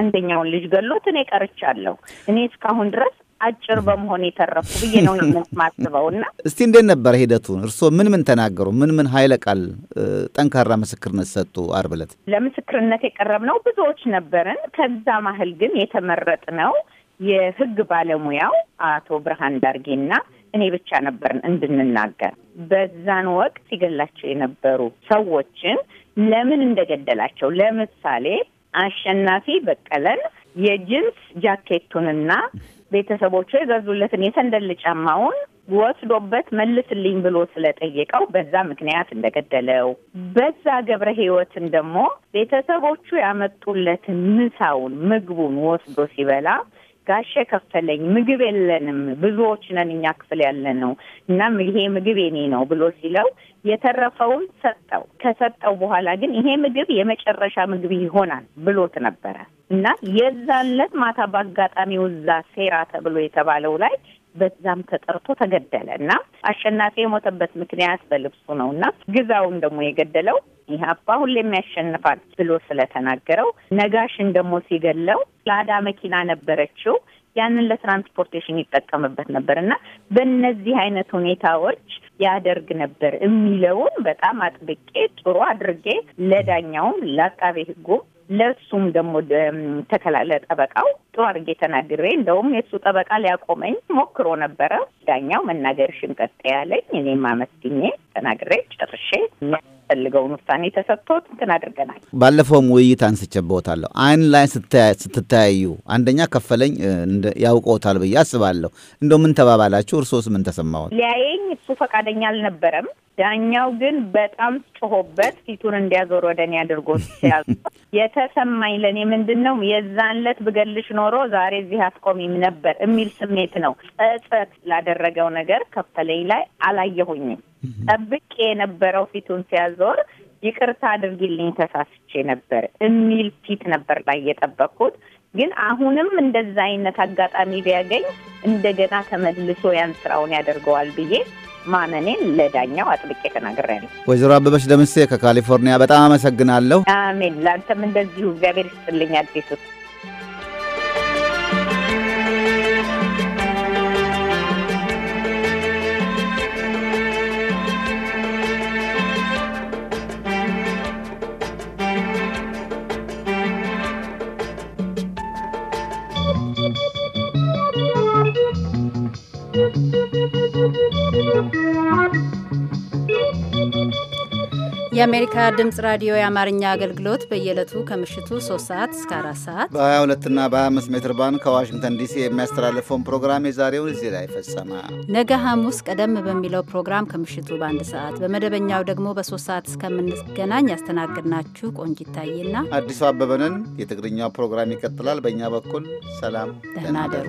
አንደኛውን ልጅ ገሎት እኔ ቀርቻለሁ። እኔ እስካሁን ድረስ አጭር በመሆን የተረፉ ብዬ ነው የማስበው። እና እስቲ እንዴት ነበር ሂደቱ? እርስዎ ምን ምን ተናገሩ? ምን ምን ኃይለ ቃል ጠንካራ ምስክርነት ሰጡ? ዓርብ ዕለት ለምስክርነት ነው ብዙዎች ነበርን። ከዛ ማህል ግን የተመረጥ ነው የህግ ባለሙያው አቶ ብርሃን ዳርጌና እኔ ብቻ ነበርን እንድንናገር። በዛን ወቅት ሲገላቸው የነበሩ ሰዎችን ለምን እንደገደላቸው ለምሳሌ አሸናፊ በቀለን የጅንስ ጃኬቱንና ቤተሰቦቹ የገዙለትን የሰንደል ጫማውን ወስዶበት መልስልኝ ብሎ ስለጠየቀው በዛ ምክንያት እንደገደለው በዛ ገብረ ህይወትን ደግሞ ቤተሰቦቹ ያመጡለትን ምሳውን ምግቡን ወስዶ ሲበላ ጋሼ ከፈለኝ ምግብ የለንም፣ ብዙዎች ነን እኛ ክፍል ያለ ነው፣ እናም ይሄ ምግብ የኔ ነው ብሎ ሲለው የተረፈውን ሰጠው። ከሰጠው በኋላ ግን ይሄ ምግብ የመጨረሻ ምግብ ይሆናል ብሎት ነበረ። እና የዛለት ማታ በአጋጣሚው እዛ ሴራ ተብሎ የተባለው ላይ በዛም ተጠርቶ ተገደለ እና አሸናፊ የሞተበት ምክንያት በልብሱ ነው እና ግዛውን ደግሞ የገደለው ኢህአፓ ሁሌም ያሸንፋል ብሎ ስለተናገረው ነጋሽን ደግሞ ሲገለው ላዳ መኪና ነበረችው ያንን ለትራንስፖርቴሽን ይጠቀምበት ነበር እና በእነዚህ አይነት ሁኔታዎች ያደርግ ነበር የሚለውን በጣም አጥብቄ ጥሩ አድርጌ ለዳኛውም ለአቃቤ ህጉም። ለእሱም ደግሞ ተከላለ ጠበቃው ጥሩ አድርጌ ተናግሬ እንደውም የእሱ ጠበቃ ሊያቆመኝ ሞክሮ ነበረ። ዳኛው መናገርሽን ቀጥ ያለኝ እኔም አመስግኜ ተናግሬ ጨርሼ የሚያስፈልገውን ውሳኔ ተሰጥቶት እንትን አድርገናል። ባለፈውም ውይይት አንስቼበታለሁ። አይን ላይ ስትተያዩ አንደኛ ከፈለኝ ያውቀውታል ብዬ አስባለሁ። እንደው ምን ተባባላችሁ? እርሶስ ምን ተሰማዎት? ሊያየኝ እሱ ፈቃደኛ አልነበረም። ዳኛው ግን በጣም ጮሆበት ፊቱን እንዲያዞር ወደ እኔ አድርጎ ሲያዙ የተሰማኝ ለእኔ ምንድን ነው የዛን ዕለት ብገልሽ ኖሮ ዛሬ እዚህ አስቆሚም ነበር የሚል ስሜት ነው። ጸጸት ላደረገው ነገር ከፈለኝ ላይ አላየሁኝም። ጠብቄ የነበረው ፊቱን ሲያዞር ይቅርታ አድርጊልኝ ተሳስቼ ነበር የሚል ፊት ነበር ላይ የጠበቅኩት። ግን አሁንም እንደዛ አይነት አጋጣሚ ቢያገኝ እንደገና ተመልሶ ያን ስራውን ያደርገዋል ብዬ ማመኔን ለዳኛው አጥብቄ ተናግሬያለሁ። ወይዘሮ አበበች ደምሴ ከካሊፎርኒያ በጣም አመሰግናለሁ። አሜን። ለአንተም እንደዚሁ እግዚአብሔር ይስጥልኝ አዲሱት የአሜሪካ ድምፅ ራዲዮ የአማርኛ አገልግሎት በየዕለቱ ከምሽቱ 3 ሰዓት እስከ 4 ሰዓት በ22 እና በ25 ሜትር ባንድ ከዋሽንግተን ዲሲ የሚያስተላልፈውን ፕሮግራም የዛሬውን እዚህ ላይ ፈጸመ። ነገ ሐሙስ ቀደም በሚለው ፕሮግራም ከምሽቱ በአንድ ሰዓት በመደበኛው ደግሞ በሶስት ሰዓት እስከምንገናኝ ያስተናግድናችሁ ቆንጅ ይታየና አዲሱ አበበንን። የትግርኛው ፕሮግራም ይቀጥላል። በእኛ በኩል ሰላም፣ ደህና ደሩ።